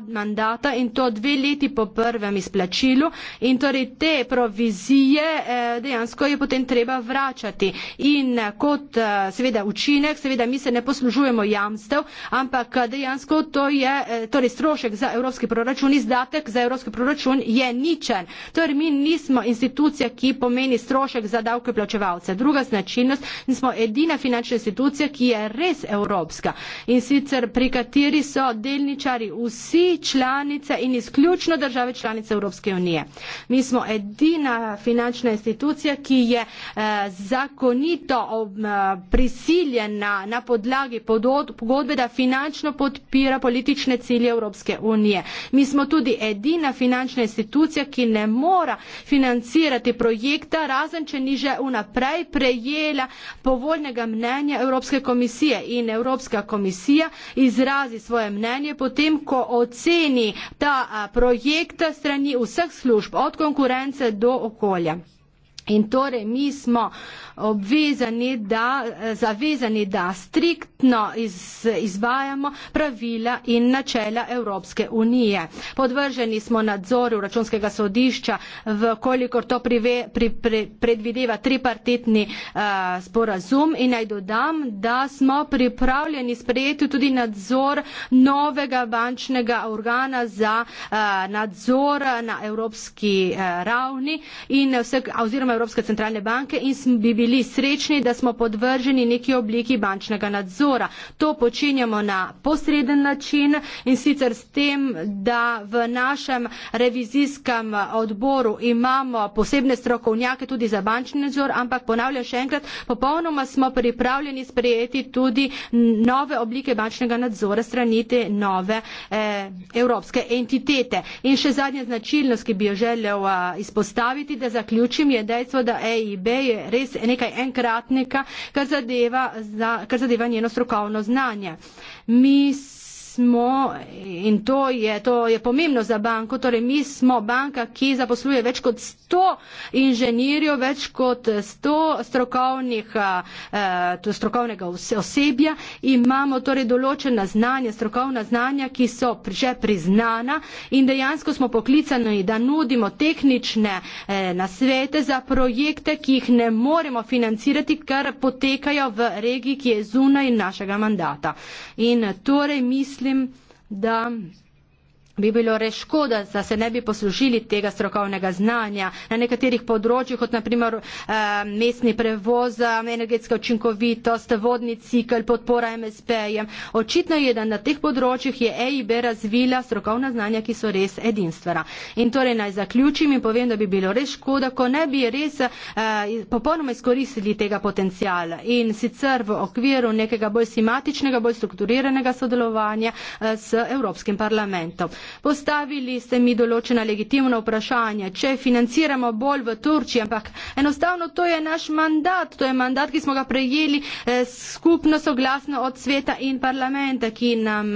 C: mandata in to dve leti po prvem izplačilu. In torej te te provizije eh, dejansko je potem treba vračati. In eh, kot eh, seveda učinek, seveda mi se ne poslužujemo jamstev, ampak dejansko to je torej strošek za evropski proračun, izdatek za evropski proračun je ničen. Torej mi nismo institucija, ki pomeni strošek za davke plačevalce. Druga značilnost, mi smo edina finančna institucija, ki je res evropska in sicer pri kateri so delničari vsi članice in izključno države članice Evropske unije. Mi smo edina edina finančna institucija, ki je eh, zakonito ob, eh, prisiljena na podlagi pogodbe, da finančno podpira politične cilje Evropske unije. Mi smo tudi edina finančna institucija, ki ne mora financirati projekta, razen če ni že unaprej prejela povoljnega mnenja Evropske komisije in Evropska komisija izrazi svoje mnenje potem, ko oceni ta a, eh, projekt strani vseh služb od konkurencije konkurence do okolja. In torej mi smo obvezani, da, zavezani, da striktno iz, izvajamo pravila in načela Evropske unije. Podvrženi smo nadzoru računskega sodišča, v kolikor to prive, pri, pre, predvideva tripartitni uh, sporazum. In naj dodam, da smo pripravljeni sprejeti tudi nadzor novega bančnega organa za uh, nadzor na evropski uh, ravni in vse, oziroma Evropske centralne banke in bi bili srečni, da smo podvrženi neki obliki bančnega nadzora. To počinjamo na posreden način in sicer s tem, da v našem revizijskem eh, odboru imamo posebne strokovnjake tudi za bančni nadzor, ampak ponavljam še enkrat, popolnoma smo pripravljeni sprejeti tudi nove oblike bančnega nadzora stranite nove eh, evropske entitete. In še zadnja značilnost, ki bi jo želel eh, izpostaviti, da zaključim, je, da je sredstvo, da EIB je res nekaj enkratnika, kar zadeva, za, kar zadeva njeno strokovno znanje. Mi smo, in to je, to je pomembno za banko, torej mi smo banka, ki zaposluje več kot 100 inženirjev, več kot 100 strokovnih, eh, strokovnega osebja, imamo torej določena znanja, strokovna znanja, ki so že priznana in dejansko smo poklicani, da nudimo tehnične eh, nasvete za projekte, ki jih ne moremo financirati, ker potekajo v regiji, ki je zunaj našega mandata. In torej mislim, mislim, da bi bilo res škoda, da se ne bi poslužili tega strokovnega znanja na nekaterih področjih, kot naprimer eh, mestni prevoz, eh, energetska učinkovitost, vodni cikl, podpora MSP-jem. Očitno je, da na teh področjih je EIB razvila strokovna znanja, ki so res edinstvena. In torej naj zaključim in povem, da bi bilo res škoda, ko ne bi res eh, popolnoma izkoristili tega potencijala in sicer v okviru nekega bolj simatičnega, bolj strukturiranega sodelovanja s Evropskim parlamentom. Postavili ste mi določena legitimna vprašanja, če financiramo bolj v Turčiji, ampak enostavno to je naš mandat, to je mandat, ki smo ga prejeli eh, skupno soglasno od sveta in parlamenta, ki, nam,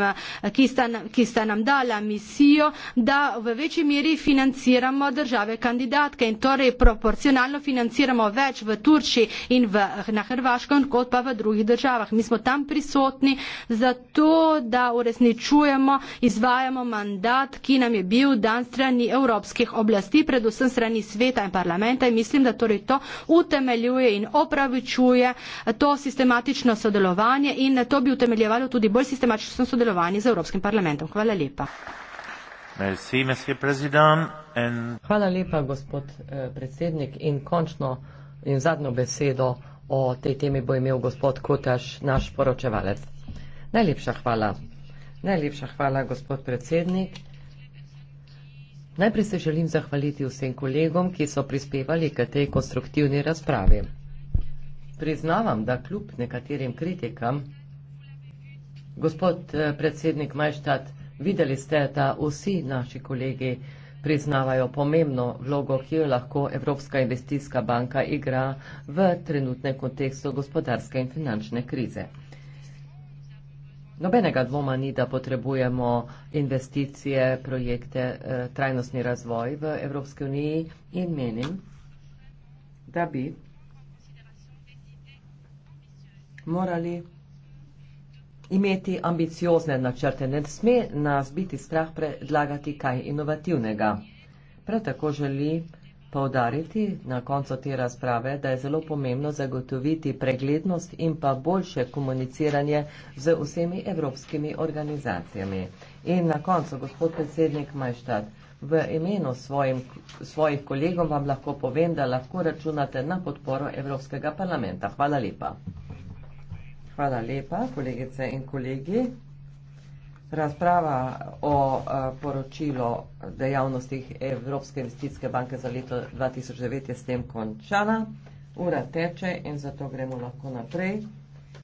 C: ki, sta, ki sta nam dala misijo, da v večji meri financiramo države kandidatke in torej proporcionalno financiramo več v Turčiji in v, na Hrvaškem kot pa v drugih državah. Mi smo tam prisotni zato, da uresničujemo, izvajamo mandat mandat, ki nam je bil dan strani evropskih oblasti, predvsem strani sveta in parlamenta in mislim, da torej to utemeljuje in opravičuje to sistematično sodelovanje in to bi utemeljevalo tudi bolj sistematično
B: sodelovanje z Evropskim parlamentom. Hvala lepa. Merci, and... Hvala lepa, gospod eh, predsednik. In končno in zadnjo besedo o tej temi bo imel gospod Kutaš, naš poročevalec. Najlepša hvala Najlepša hvala, gospod predsednik. Najprej se želim zahvaliti vsem kolegom, ki so prispevali k tej konstruktivni razpravi. Priznavam, da kljub nekaterim kritikam, gospod eh, predsednik Majštad, videli ste, da vsi naši kolegi priznavajo pomembno vlogo, ki jo lahko Evropska investicijska banka igra v trenutnem kontekstu gospodarske in finančne krize. Nobenega dvoma ni, da potrebujemo investicije, projekte, eh, trajnostni razvoj v Evropski uniji in menim, da bi morali imeti ambiciozne načrte. Ne sme nas biti strah predlagati kaj inovativnega. Prav tako želim, poudariti na koncu te razprave, da je zelo pomembno zagotoviti preglednost in pa boljše komuniciranje z vsemi evropskimi organizacijami. In na koncu, gospod predsednik Majštad, v imenu svojim, svojih kolegov vam lahko povem, da lahko računate na podporo Evropskega parlamenta. Hvala lepa. Hvala lepa, kolegice in kolegi. Razprava o eh, poročilu dejavnostih Evropske investicijske banke za leto 2009 je s tem končana. Ura teče in zato gremo lahko naprej.